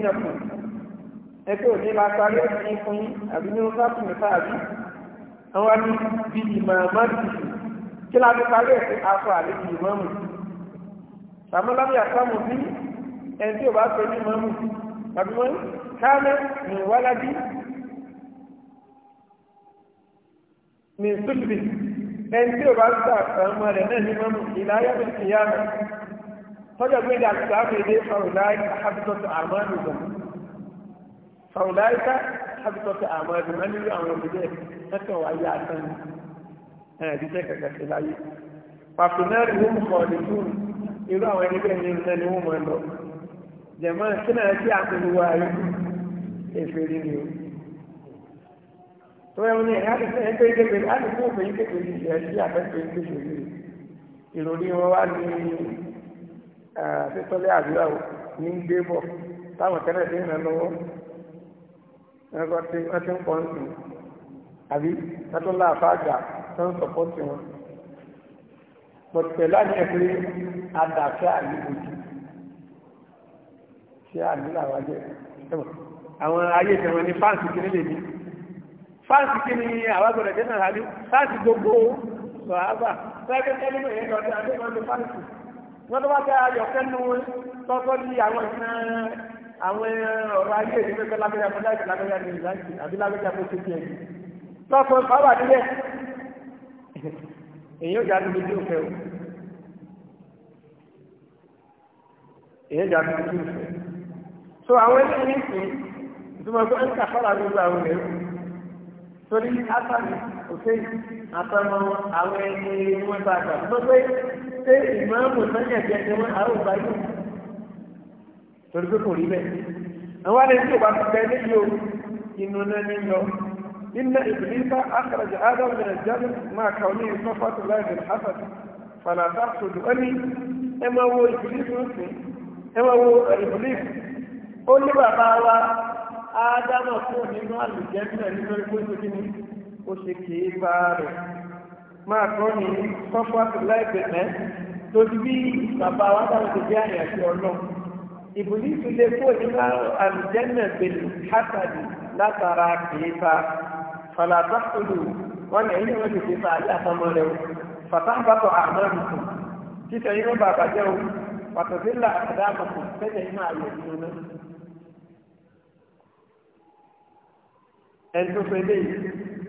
lápò ẹgbẹ́ òní la sáré ní fún yín àbí ní sáàtì mẹ́fà àbí àwọn àbí bí ìmọ̀ àmọ́tì kí la fi parí ẹ̀sìn aṣọ àlejò ìmọ̀mù sàmúlámì àsámù bí ẹni tí ò bá pè ní ìmọ̀mù tàbí wọ́n káàmẹ́ ní wálábí ní sùlùbì ẹni tí ò bá gbà àtàwọn rẹ̀ náà ní ìmọ̀mù ìlàyà mi ti yá tọ́jà gbé dàgbà mi dé ọ̀rọ̀ láì fàwùláyíká hábitọ́tà àmọ́ ẹ̀dùn máa nílò àwọn òbílẹ̀ tẹ́tọ̀ wá yá àtàn ẹ̀ẹ́dì tẹ́ kẹ̀kẹ́ sí láyé pàfínárì wọn kọ̀ ní fún irú àwọn ẹni bẹ́ẹ̀ ní ìrìnà ni wọ́n máa lọ jẹ̀mọ́ kí náà sí àpèlú wa rí èfèrè ni o tó yẹ wọn ní ẹ̀yà àti ẹ̀yìn pé kékeré àti fún òfin kékeré ìṣẹ́ sí àfẹ́fẹ́ ẹ̀kọ́ tí wọ́n ti ń pọ̀ ń sùn àbí látọ́lá àfáàgbà tó ń sọ̀pọ̀ sí wọn pọ̀tù pẹ̀lú àti ẹ̀kọ́ adàfẹ́ àlébòjì tí àlélà wá jẹ́ àwọn ayé ìtẹ̀wọ̀n ní fáǹsì kí nílé mi fáǹsì kí ni àwágbọ̀dẹ̀ jẹ́ náà àbí fáǹsì gbogbo sọ̀hábà fẹ́ẹ́kẹ́ tẹ́lẹ̀mọ̀ yẹn lọ́dẹ̀ àbí ìwọ̀n ní fáǹsì wọ́n tó bá àwọn ọ̀rọ̀ ayé ìdí pé lágbẹ́jà fún láìsí lágbẹ́jà ní ìlànà àbí lágbẹ́jà fún títí ẹ̀yìn lọ́pọ̀ bàbá nílẹ̀ èyí ò já níbi tí ó fẹ́ o èyí ò já níbi tí ó fẹ́ so àwọn ẹni ní ìsìn ìtumọ̀ pé ń kàfàrà lórí àwọn ẹ̀rọ torí asàmì òfin àtọmọ àwọn ẹni wọn bá gbà tó pé ìmọ̀ ọ̀hún sọ́jà ẹni wọn àrùn báyìí
torí pé kò rí bẹ́ẹ̀
àwọn àlejò tó bá ti bẹ ní yóò inú náà ní lọ inna iblisa akhraja adam min al-jannah ma kawni safatu la bil hasad fala tahsud ani ẹ máa wo iblisu nsin ẹ máa wo iblisu ó ní bàbá wa ádámà kú nínú àlùjẹ́ńdà nínú ikú ìsìnkú ni ó ṣe kìí bá rẹ̀ máa tọ́ ní sọ́fọ́ mẹ́ tó ti bí bàbá wa dáhùn ti jẹ́ àyàfi ọlọ́run ìbùlísù lè kó nínú àlùjẹ́nà pẹ̀lú hátàlì látara kìíta falatakulu wọn lè yíyan lè fi fàájì àtọmọ rẹ o fàtàbàtọ àmọ́rù kù títẹ yín ó bàbá jẹ́ o pàtàkìlà àdáàmọ̀ kù tẹ́lẹ̀ yín àyè nínú náà. ẹni tó fẹ́ lé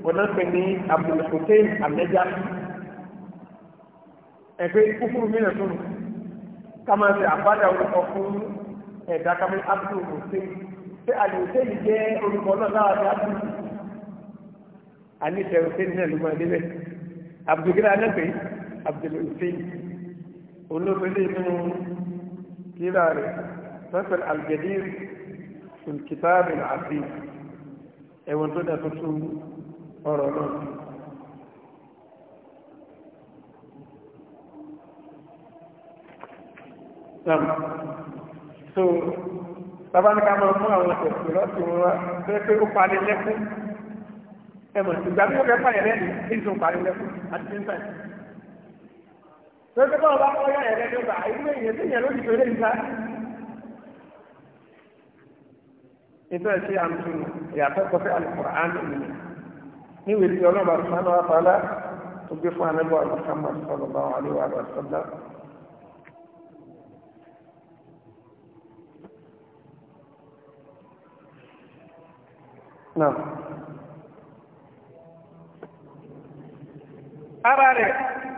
wọn náà pè ní abdulkotein alẹ́jà ẹgbẹ́ kúkúrú mìíràn tó kà máa fi àbádà orúkọ fún ẹ̀dá kamil abdul hussein ṣé àlè hussein jẹ́ orúkọ náà lára ní abdul àníṣe hussein náà ló máa débẹ̀ abdulgira abdul hussein olóbele nínú kíra rẹ̀ sọ́sẹ̀ aljadir olùkítàbí àti ẹ̀wọ̀n tó dà tuntun ọ̀rọ̀ náà so bàbá ní ká máa mú àwọn ìṣẹ̀kù lọ́sì wọn wá bẹ́ẹ̀ pé ó parí lẹ́kún ẹ̀mọ̀ ìgbà tí wọ́n fẹ́ pààyàn lẹ́nu kí n tó parí lẹ́kún àti tí ń tàn. lọ́sẹ̀ báwo bá kọ́ yá ẹ̀rẹ́ tó gbà ìlú èèyàn tí èèyàn ló ti fèrè ìta. ìtọ́ ẹ̀sẹ̀ ìyàtọ̀ kọfẹ́ Al-Qur'an nìyẹn ní ìwé tí ọlọ́ba sùnmọ́ àwọn afárá tó gbé fún anábọ̀ àlùfáà mọ́ náà ara rẹ̀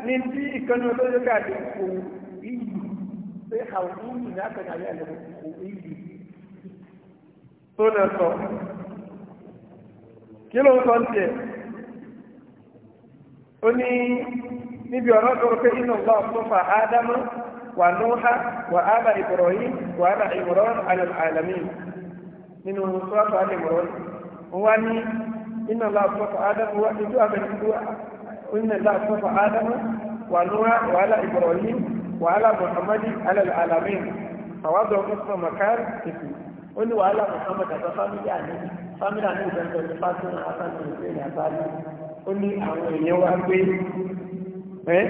ní tí ìkànnì olóyè káàdì kò ìlú pé àwọn ìlú ní àtàkàlẹ àlẹ kò ìlú tó lọ sọ kí ló ń sọ ń tiẹ̀ ó ní níbi ọ̀rọ̀ tó rọ pé inú ọgbà ọ̀pọ̀fà ádámù wà nóhà wà ábà ìbọ̀rọ̀ yìí wà ábà ìbọ̀rọ̀ alẹ́ àlámì nínú sọ́ọ̀tù alẹ́ ìbọ̀rọ̀ yìí wá ní iná láàpọ̀pọ̀ ádámù wá ìlú àbẹ̀tìlú iná láàpọ̀pọ̀ ádámù wà núwá wàhálà Ibrahim wàhálà Muhammadu alàlámìn àwádọ̀ ọmọ makar ìfì ó ní wàhálà Muhammad àti fámílì àní fámílì àní ìbẹ̀rẹ̀ ní fásitì àtàkùn ìfẹ́ àbáyé ó ní àwọn èèyàn wá gbé ẹ́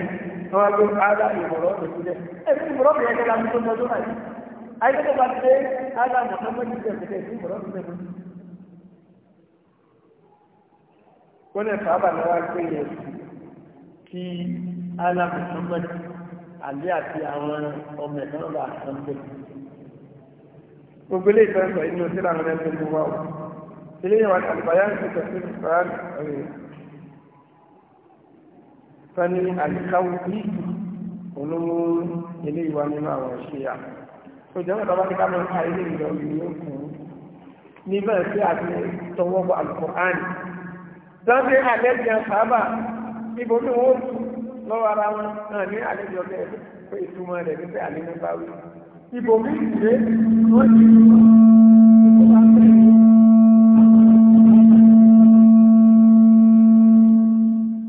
wọ́n ló ádá ìmọ̀rọ̀ ìpínlẹ̀. Ẹ̀sí ìmọ̀rọ̀ ìpínlẹ̀ láti tó mọ́jú àìsí. Àìsí tó bá ti dé ádá Mùhàmmadu ìpínlẹ̀ ìpínlẹ̀ ìmọ̀rọ̀ ìpínlẹ̀. wọ́n ẹ̀fà àbàlẹ̀ wá pé yẹn kí ala muhammad àlẹ́ àti àwọn ọmọ ẹ̀ka náà bá àtàn pé gbogbo ilé ìfẹ́ sọ inú sílẹ̀ àwọn ẹgbẹ́ tó wà ó ilé yẹn wà ní àlùbáyá ń sọ sí ìfúran rẹ̀ fani àlùkáwù ní olówó ilé ìwà nínú àwọn ìṣe à tó jẹ́ wọn lọ́wọ́ kíkà máa ilé ìlọ ìlú yóò kù sí àti tọwọ́ bọ àlùkò áàní lọ́sí àlejò sábà ibo ni wọ́n tu lọ́wọ́ ara wọn náà ní àlejò bẹ́ẹ̀ pé ìtumọ̀ rẹ̀ ní pé àlejò bá wí. ibo mi ìdílé wọ́n ti tu ibo bá fẹ́.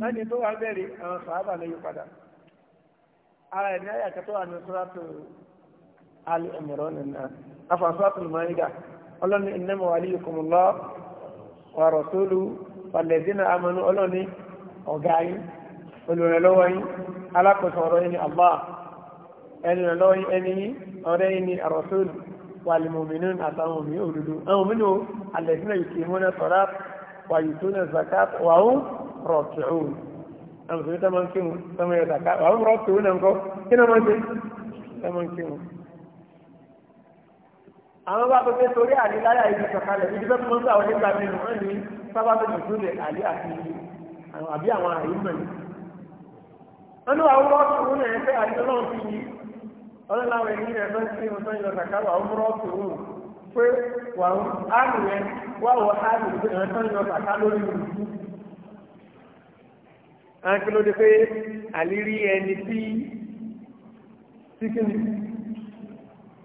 lẹ́ni tó wá bẹ̀rẹ̀ àwọn sábà lè yí padà ara ẹ̀ ní àyàkẹ́ tó wà ní sọ́ràtò alẹ́ ẹ̀mẹ̀rọ̀ nìyà afọ̀ sọ́ràtò lùmọ́ ìdá ọlọ́ni ìnáwó alẹ́ yìí kọ́mọ́lá wà rọ̀ sólù fàlẹ̀dínà amanu ọlọ́ni ọ̀gá yín olùrànlọ́wọ́ yín alákòóso ọ̀rọ̀ yín ni allah ẹnìrànlọ́wọ́ yín ẹni yín ọ̀rẹ́ yín ni arọ́sọ́lù wàlìmọ̀mìnú àtàwọn òmìnir òdodo àwọn òmìnir alẹ́dínà yìí múná sọ̀rọ̀ wàyí tó na zakat àwọn bá pépé sórí àdíláyà ibi sọ̀kalẹ̀ ibi fẹ́ fún sáwọn nígbà mẹ́nu wọ́n ní sábàbí ìtúlẹ̀ àlẹ́ àti àbí àwọn àyíkọ̀ yìí. wọ́n ní àwọn rọ́ọ̀tù òun náà fẹ́ àti ọlọ́run fi yí ọlọ́láwọ̀ ẹ̀yìn rẹ̀ fẹ́ sí ìwọ̀n sọ́yìn lọ́sà káwọ̀ àwọn rọ́ọ̀tù òun pé wà ó áàmù rẹ̀ wà ó áàmù rẹ̀ sọ́yìn lọ́sà ká lórí ìlú. àwọn kí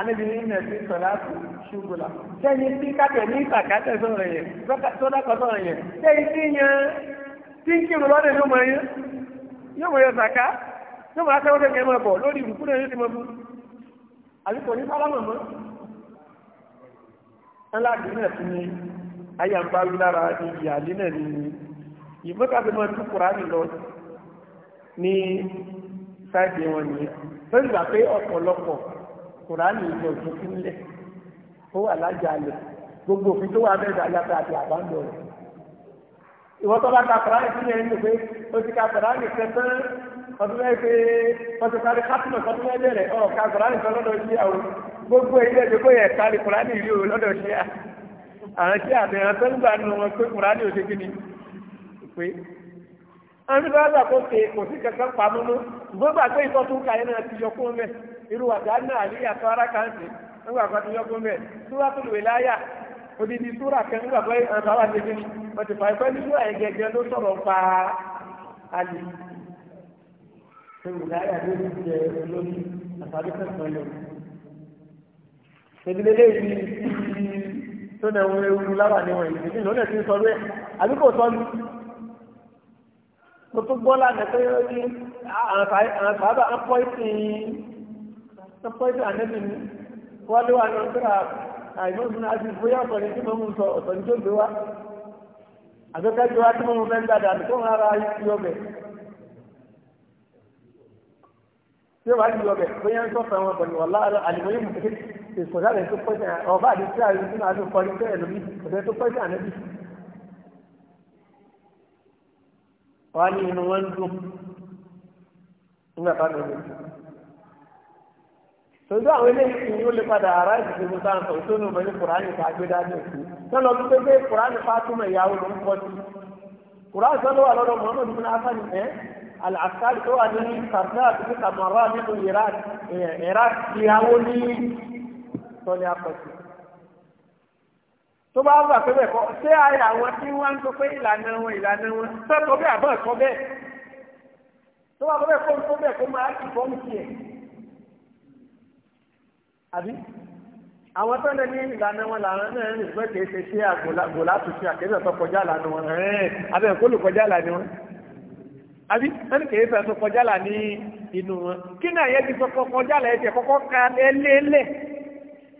anabi ní ìnà sí sọ̀láàtù ṣubùlà sẹ́yìn tí kápẹ̀ ní ìtàkátẹ̀ sọ̀rọ̀ yẹn sọ́dọ̀kọ̀ sọ̀rọ̀ yẹn sẹ́yìn tí yẹn tí ń kírun lọ́dẹ̀ ló mọ̀ yẹn yóò mọ̀ yẹn sàká yóò mọ̀ akẹ́wọ́ kẹ́kẹ́ mọ̀ bọ̀ lórí ìbùkú náà yóò ti mọ̀ fún àbí kò ní sálámà mọ́ ni ayé à ni ìmọ̀kàtí mọ̀ tún kura mi lọ kùránì ìjọ òfin sílẹ̀ ó wà lájàálẹ̀ gbogbo òfin tó wà bẹ́ẹ̀ dájáde àti àbámbọ̀ rẹ̀ ìwọ́n tó bá ka kùránì sílẹ̀ ń lò pé ó ti ka kùránì kẹtẹ́ ọdún mẹ́rin pé wọ́n ti parí kátìmọ̀ ọdún mẹ́rin bẹ̀rẹ̀ ọ̀ ka kùránì sọ lọ́dọ̀ sí àwọn gbogbo ilé ẹ̀dẹ́ kó yẹ kárí kùránì ìlú òun lọ́dọ̀ sí à àwọn tí àbẹ̀rẹ̀ tó ń gbà nù wọn pé kùránì ò ṣe kí ni pé irú àdáná àlíyà tó ara kan sí nígbà kan tó yọkún bẹ́ẹ̀ súrà tó lùwẹ̀ láyà odidi súrà kan nígbà kan àtàwọn àwọn àti kíni wọ́n ti fà ẹ̀fọ́ nínú àìgẹ̀gẹ̀ ló sọ̀rọ̀ pa àlè. Olùdáyà ló ti jẹ olórí àtàlẹ́ kẹsàn-án lọ. Ìdílé lè fi tó nà ń ewu lábà níwọ̀n yìí nínú ọ̀nà tí ń sọ bẹ́ẹ̀ àbí kò sọ́nu. Mo tún gbọ́ lánàá pé àwọn sábà ń pọ́ ìsìn tọ́pọ̀ ìdí ànẹ́bì ní wọ́n lé wà ní ọ̀tọ́ra àìmọ́sùn àti bóyá ọ̀tọ̀ ní tí mo mú sọ ọ̀tọ̀ ní tó gbé wá àgbẹ́kẹ́ tó wá tí mo mú fẹ́ ń dàdà ní fún ara yí ọbẹ̀ tí ó bá yí ọbẹ̀ bóyá ń sọ̀tọ̀ wọn pẹ̀lú ọ̀la wọ́n á inú wọn dùn nígbà bá lọ tòjú àwọn eléyìí ni ó lè padà ara ìdìbò mú sáà tó nù mọ ní kùránì ká gbé dání òkú tó lọ wípé pé kùránì Fátímà ìyàwó ló ń pọ sí kùránì sọ́dọ̀ wà lọ́dọ̀ Muhammadu bin afani ẹ́ al-Askari tó wà ní kàfẹ́ àti kàmàrà nínú Iraq ìyàwó ní tọ́lé akọ̀sí. tó bá wà pé bẹ́ẹ̀ kọ́ ṣé àyè àwọn tí wọ́n ń tó pé ìlànà wọn ìlànà wọn sẹ́kọ̀ọ́ bẹ́ẹ̀ àbọ̀ ẹ̀kọ́ bẹ́ẹ̀ tó bá kọ́ bẹ́ẹ̀ kó àbí àwọn tó ń ní ìlànà wọn làwọn náà ń rìn pé kìí ṣe ṣé àgbò láti ṣe àkẹ́sẹ̀ tó kọjá lànà wọn ẹ̀ẹ́n abẹ́ ìkólù kọjá lànà wọn àbí wọn ní kìí fẹ́ tó kọjá là ní inú wọn kí náà yẹ ti sọ kọjá là ẹ̀jẹ̀ kọ́kọ́ ka lélẹ́lẹ̀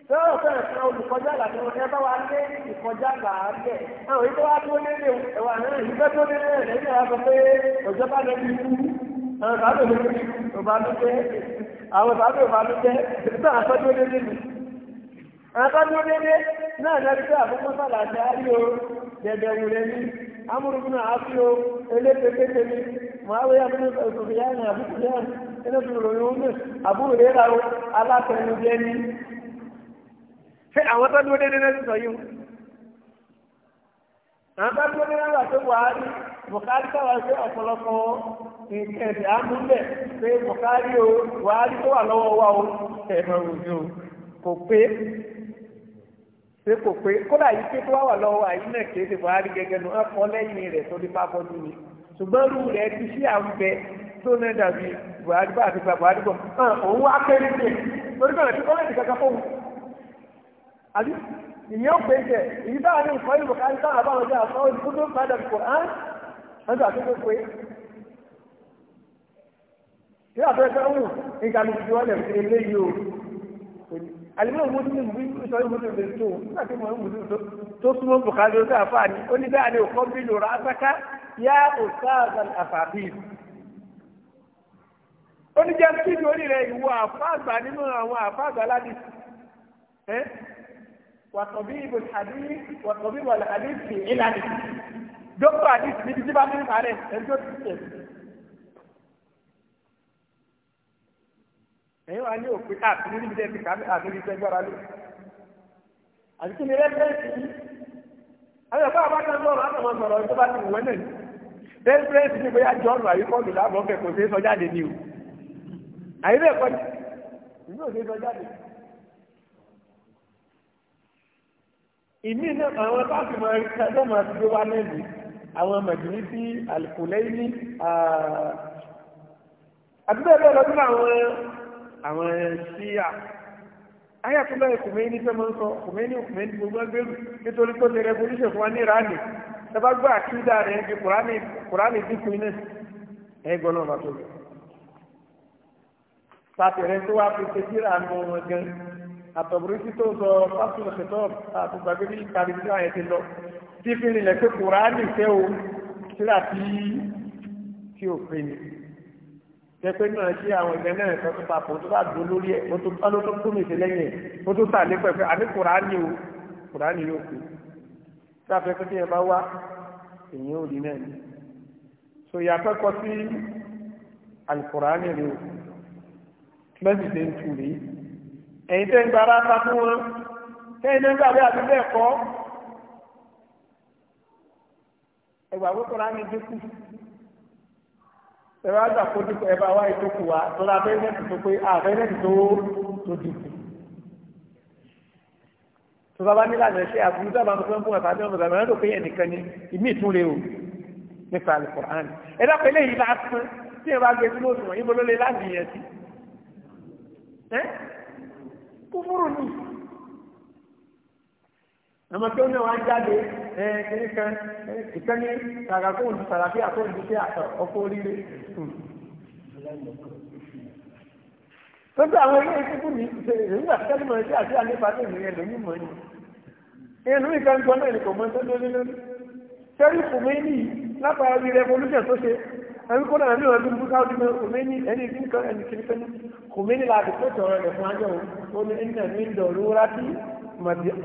sọ́wọ́ fẹ́ẹ̀ fẹ́ olùkọjá là ní wọn ẹ bá wa lé ìkọjá là á bẹ̀ àwọn ìgbà wa tó lélẹ̀ ẹ̀wà náà ìgbà tó lélẹ̀ lẹ́yìn àwọn sọ pé òjọba lẹ́bi ikú àwọn ìbáwí ò máa ń jẹ́ ìgbésẹ̀ àtọ́jú dédé mi. àtọ́jú dédé náà ní ẹgbẹ́ àkókò sàlàjì àárí o dẹ̀dẹ̀ wùlẹ̀ mi amúrúgbìnà àfi o elépekéte mi màáwé abúlé òṣòfìyà ní àbúkúyà nínú ìròyìn oúnjẹ àbúrò rẹ̀ ra o alátẹnudẹ́ni. ṣé àwọn tọ́jú dédé náà ti sọ yìí àwọn bá tó ní nígbà tó buhari buhari sábà ṣe ọ̀pọ̀lọpọ̀ nǹkan ẹ̀dẹ̀ àmúlẹ̀ pé buhari o buhari tó wà lọ́wọ́ wa o ẹ̀rọ òjò kò pé pé kò pé kódà yìí pé tó wà lọ́wọ́ àyín náà kéde buhari gẹ́gẹ́ nu ẹ̀fọ́ lẹ́yìn rẹ̀ tó ní pápọ́jú ni ṣùgbọ́n rú rẹ̀ ti ṣí àwọn bẹ tó ní dàbí buhari bá àti gba buhari bọ̀ òun wá kéré tiẹ̀ lórí bẹ̀rẹ̀ tí kọ́lẹ́ẹ̀dì ìyẹn pé jẹ èyí bá ní nǹkan ìlú kan sáà bá wọn jẹ àfọ ìlú tó padà kò án wọn gbà tó tó pé ní àpẹẹrẹ wù nǹkan mi ti wọlé fún eléyìí o alimọ̀ muslim bí sọ yìí muslim bẹ̀rẹ̀ tó nígbà tí mo ń muslim tó súnmọ́ bùkálẹ̀ ó sáfà ní ní bẹ́ẹ̀ ni òkọ́ bí lòrá sáká yá òsáàzàn àfàbí ó ní jẹ́ kí lórí rẹ̀ ìwọ àfáàgbà nínú àwọn àfáàgbà ládìsí وطبيب الحديث وطبيب الحديث في علله دكتور حديث níbi tí bá ti ń parẹ́ ẹjọ́ ti ṣe. ẹ̀yin wa ní òpin káàkiri níbi tẹ́ ti kàmí àbíbi tẹ́ gbára lé. àti kí ni rẹ́fẹ́rẹ́sì yìí. àwọn ẹ̀fọ́ àbájá ń sọ̀rọ̀ àtàwọn sọ̀rọ̀ tó bá ti wù wẹ́nẹ̀ ní. rẹ́fẹ́rẹ́sì ni bóyá jọ́ọ̀nù àyíkọ́ọ̀nù láàbọ̀ fẹ̀ kò ṣeé sọ jáde ni o. àyíbẹ̀ kọ́ni ìmí náà àwọn táàkì máa rí kájọ́ máa ti gbé wá lẹ́nu àwọn mẹ̀jìní sí àlùkùlẹ́yìn àti bẹ́ẹ̀ bẹ́ẹ̀ lọ́dún àwọn àwọn ṣíà ayatollah kùmẹ́ni fẹ́ máa ń sọ kùmẹ́ni kùmẹ́ni gbogbo agbẹ́rù nítorí pé ti revolution fún wa ní iran tẹ́bá gbọ́ àkídà rẹ̀ ju kùránì dínkù iná ẹgbọ́n náà bá tó lọ. sàtẹ̀rẹ̀ tó wá fi ṣe síra nù wọn gan-an àtọ̀bùrúsí tó sọ fásitì ṣètọ́ àtùgbàgbé ní ìkàrí sí àyẹ̀ ti lọ tí fi rìnlẹ̀ pé kùránì fẹ́ o síra tí tí ò pè ní tẹ́pẹ́ náà ṣe àwọn ìgbẹ́ náà ẹ̀kọ́ tó papọ̀ tó bá dúró lórí ẹ̀ ó tó bá ló tó kú mi sí lẹ́yìn ẹ̀ tó tà ní pẹ̀pẹ́ àní kùránì o kùránì yóò pè síra pé pété yẹn bá wá èyàn ò rí náà ni so ìyàtọ̀ kọ sí alukùránì rẹ o mẹ́sì ṣe ń tù rèé ẹ̀yin tẹ́ ń gba ara ta fún wọn tẹ́yìn náà gbàgbé àti bẹ́ẹ̀ kọ́ ẹgbà púpọ̀ láti dínkù ẹ̀rọ àgbà kó dínkù ẹ̀bá wa ìdókù wa tó la fẹ́ lẹ́sì tó pé àfẹ́ lẹ́sì tó tó dínkù tó bá bá nílànà ẹ̀ṣẹ́ àbúrú tó bá tó fẹ́ ń fún ẹ̀fà tó ń bọ̀ ẹ̀rọ tó pé ẹnìkan ni ìmí ìtúnre o nípa Al-Qur'an ẹ̀dá pẹ̀lẹ́ yìí lásán tí ẹ bá gbé sínú òṣùwọ̀n yìí bọ́ ló lé láti yẹn sí kúfúrú ni àmọ́ tí ó náà wá jáde ẹ kiri kan ìkan ní kàkà kó ní sàràfíà kó ní sí ọkọ oríire tóbi àwọn ilé ìsìnkú mi ṣe nígbà tí kẹ́lìmọ̀ ẹ̀ṣẹ́ àti àlefa lè ní ẹlòmí mọ̀ ni ẹnu mi kan gbọ́ náà ní kò mọ́ tó lórí lórí sẹ́rí fún mi ní lápá orí revolution tó ṣe ẹni kó náà ní ọdún búkà ọdún mẹ òmẹni ẹni ìdí nǹkan ẹni kìnnìkan òmẹni láti pẹ̀tọ̀ ọ̀rọ̀ rẹ̀ fún ajọ́ ó ní ẹni náà ní dọ̀rúra tí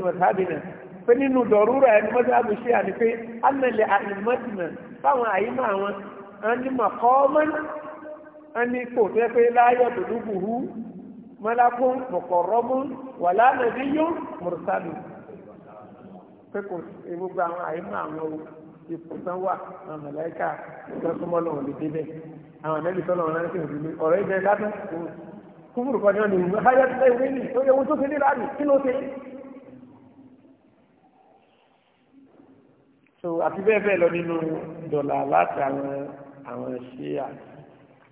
mọ̀tàbìnà pé nínú dọ̀rúra ẹni mọ́tàbù ṣe àní pé amẹ̀lẹ̀ àìmọ́tìmọ̀ fáwọn àyímọ̀ àwọn ẹni mọ̀kọ́mọ́n ẹni kò tẹ́ pé láyọ̀ dòdú bùrú mọ́lákún mọ̀kọ̀rọ́mún wàlá nàbíyún mùrùsàlù pé kò gbogbo ipò tán wà àwọn mẹ̀láìkà tán súnmọ́ lọ́wọ́ lè débẹ̀ àwọn ẹ̀nẹ́bí tọ́lọ̀ wọn láti òdìlé ọ̀rọ̀ ibẹ̀ látọ̀ kúkúrú kan náà nìyí ayé tó ìwé nì ó yẹ ohun tó ṣe ní láàbì kí ló ṣe. so àti bẹ́ẹ̀ bẹ́ẹ̀ lọ nínú dọ̀là láti àwọn àwọn ṣíà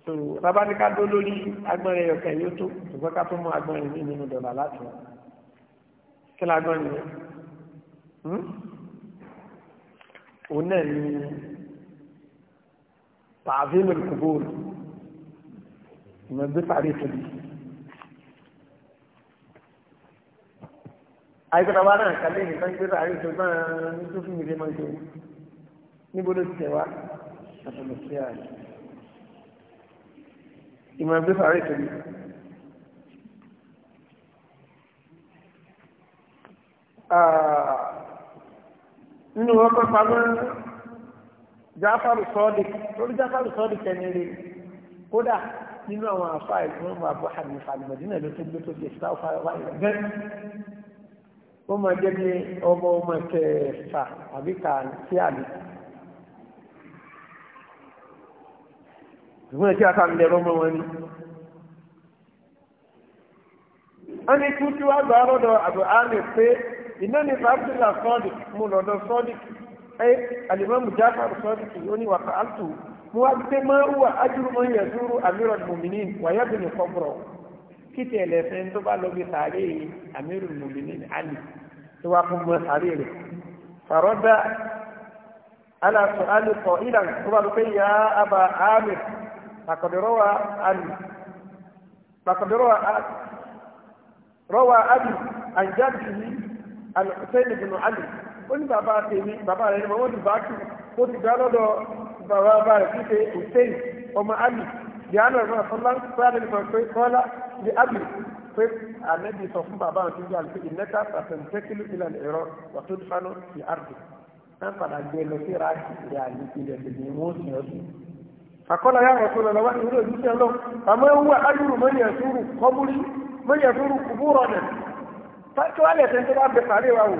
so bàbá ní ká dó lórí agbọ́nrin ẹ̀yọkẹ́ yóò tó ṣùgbọ́n ká tó mú agbọ́nrin mi nínú dọ̀là láti wọn kí lágbọ́nrin yẹn òun náà ni tààfin olùkùbóòrò ìmọ̀gbé sáré ìtòlì àìkọ́ta bá náà kàlẹ́ nìkan gbé sáré ìtòlì náà ní tó fún mi lé máa ń jẹun níbo ló ti tẹ̀ wá àtọ̀lọ̀ sí ààrẹ ìmọ̀gbé sáré ìtòlì Ah nínú wọn kọ́ pamọ́ jáfàrù sọ́ọ̀dì lórí jáfàrù sọ́ọ̀dì tẹ̀lére kódà nínú àwọn àfa ìgbọ́n máa bọ́ àmì ìfàlùmọ̀dínà ló tó gbé tó di ìsìláwò fáwọn ìgbẹ́ ó máa jẹ́ bí ọmọ ọmọ kẹfà àbí kà sí àlè ìgbọ́n tí a kà ń lẹ́rọ ọmọ wọn ni wọ́n ní kú tí wàá gbà rọ́dọ̀ àmì pé ìnáni fàbílà sọ́ọ̀dì mo lọ́dọ̀ sọ́ọ̀dì ẹ alimami jafar sọ́ọ̀dì kì ó ní wà fà áàtù mo wá gbé máa wà ájúrú mọ́ yẹ dúró amírọ̀ mùmínín wàyà bìnnì kọ́bùrọ̀ kí tẹ̀ lẹ́sẹ̀ tó bá lọ bí sàárè amírọ̀ mùmínín àlì tó wá fún mọ́ sàárè rẹ̀ fàrọ́dà alàtò alùpọ̀ ìlà tó bá lọ pé yà á alùpùpẹ́ni bùnú alì ó ní bàbá tèmi bàbá rẹ̀ ní mọ́mọ́dù bákì ó ti gbá lọ́dọ̀ bàbá rẹ̀ títẹ hussein ọmọ alì di àná rẹ̀ náà fọlá fúlàdé ní pé kọ́lá di abì pé ànẹ́bí sọ fún bàbá rẹ̀ tó jẹ́ àlùpùpẹ́ ìnẹ́ta pàtẹ́ntẹ́kìlù ìlànà ẹ̀rọ wà tó fánú ti àrùn náà padà gbé lọ sí ráàkì ìyá àlè ilẹ̀ ìgbìmọ̀ wọn sì kí wá lẹ̀sẹ̀ tó bá bẹ sàárè wa wò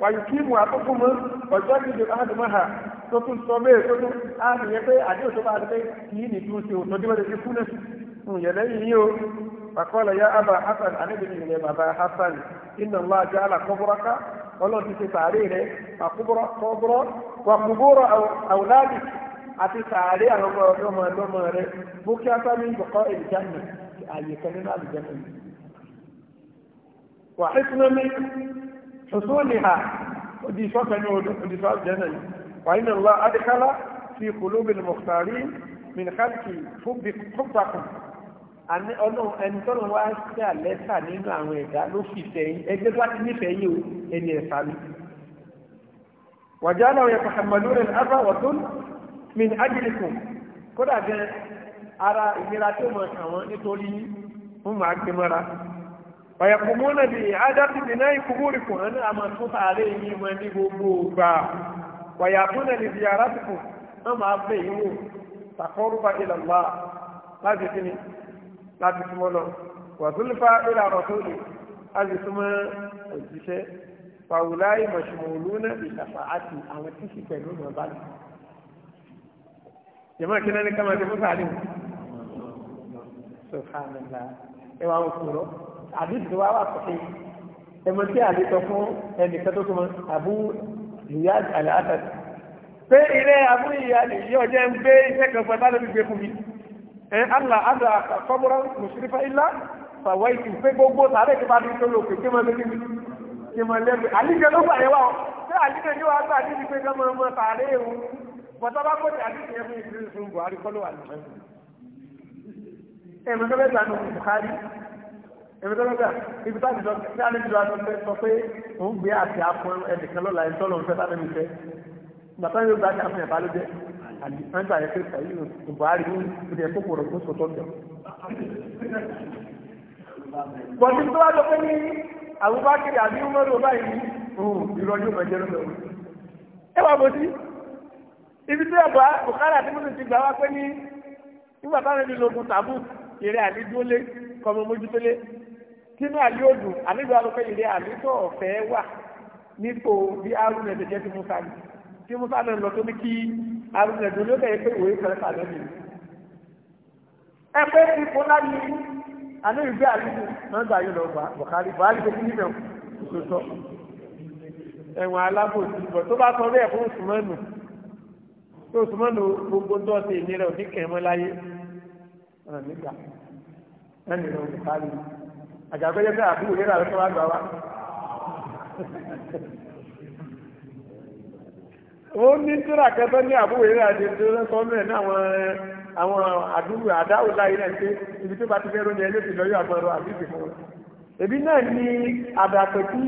wàyí kí mu àkókò mọ́ ọjọ́ gidi áàdùmọ́ ha tó tún sọ bẹ́ẹ̀ tó tún áàdùyẹ pé àdéhùn tó bá ti pé kì í nì dúró sí o lọ́jọ́ bẹ́ẹ̀ ti kú náà ń yẹ lẹ́yìn yìí o fàkọ́lẹ̀ yá abba hasan anábìrì ilẹ̀ bàbá hasan iná ńlá jẹ́ alákọ́bọ́rọ́ká ọlọ́run ti ṣe sàárè rẹ̀ àkúbọ́rọ́ wàkúbọ́rọ́ àwọn ọmọ ọmọ rẹ̀ wà hísínọ́mí ṣùsùnìhà odi ìṣọ́fẹ́ ní odò odi ìṣọ́ jẹ́nà yìí wà ní ọlá adékálá fi kòlóbìn mọ̀kàrí mìnkàtì fúbàkùn àní ọlọ́run ẹni tọ́lọ́ wá sí àlẹ́sà nínú àwọn ẹ̀dá ló fi fẹ̀yìn ẹgbẹ́ tó ti nífẹ̀ẹ́ yìí o ẹni ẹ̀fà mi. wàjálà ọ̀yẹ̀ pàtàkì rẹ̀ ábà wọ̀tún min ajílìkùn kódà gan ara ìnira tó mọ̀ àwọn nítorí fún màá gbé mọ́ra ọ̀yẹ̀kùnmọ́nà bí adábìbì náà ìkúbúrì kùn ní àmà tó sàárè yìí wọn ní gbogbo gbà wọ̀yàkùnà lè di ara tìkù wọn máa bẹ̀ yìí wò takọ́rùbá ilẹ̀ wà láti fi ni láti súnmọ́ lọ wàtúlùfà ilẹ̀ àrọ̀tòlù láti súnmọ́ àdìsí wa wà sọ̀kè ẹ̀mọ tí a lè sọ fún ẹnìkan tó súnmọ́ àbú ìyáàd àlàáfẹ́ pé ilé àbú ìyáàd yóò jẹ́ ń gbé iṣẹ́ kan pẹ̀lú àlọ́ gbígbé fún mi ẹ̀ àlà àdà kọ́mọ́rọ́ mùsùlùmí ilá fàwọ́ ìtì pé gbogbo sàárẹ̀ tó bá dé tó lò pé kí máa lẹ́gbẹ̀ẹ́ kí máa lẹ́gbẹ̀ẹ́ àlíjẹ ló gbà wà ó pé àlíjẹ yóò ìrìtọ́lọ́gbà ibi táàbí lọ sọ pé òun gbé àti àpọn ẹnìkan lọ́la ẹni tọ́lọ̀ nfẹ́ tábẹ́ mi fẹ́ bàtà yóò gbá àti àpọn ẹ̀bá ló jẹ́ àgbà yẹn pé sàyí buhari ní ibi ẹ̀kọ́ kòrò fún sọ̀tọ̀ jọ. bọ̀dé tó wá lọ pé ní Abubakar àbí Umaru báyìí ìrọ̀jú ọmọ ìjẹun lọ. ẹ wà bọ́sí ibi tó yàgbá Bukhari àti Muslim ti gbà wá pé ní nígbà táwọn ẹni lógun tàbú ìrẹ́ àdídúólé kọ́mọ mójútólé tínú àlè òdù àlejò alùpẹ́ ìlé àlejò ọ̀fẹ́ wà nípò bí arúnà ẹ̀dẹ̀ jẹ́ ti musa ni tí musa náà lọ tó ní kí arúnà ẹ̀dẹ̀ ló bẹ̀rẹ̀ pé òwe kan kà lẹ́nu ẹ pé ipò ńlá ni àná ìgbé àlejò náà gbà yóò lọ bá bùkárí buhari tó kí nínú òṣòṣọ ẹ̀wọ̀n alábòsí bọ̀ tó bá sọ bẹ́ẹ̀ fún sùmọ́nù tó sùmọ́nù gbogbo tó ọ̀sẹ̀ ìnira òní àjàgbẹ́jẹ́ pé àbúrò nílà ló tọ́wá gbà wá. ó ní tíra kẹfẹ́ ní àbúrò nílà ti tó sọ́nù ẹ̀ ní àwọn àwọn àdúgbò àdáwò láyé náà pé ibi tó bá ti fẹ́ rọ́nyẹ ilé ìlọ́yọ̀ àgbọ̀rọ̀ àbí ìdìbò èbí náà ni àdàpẹ̀ tí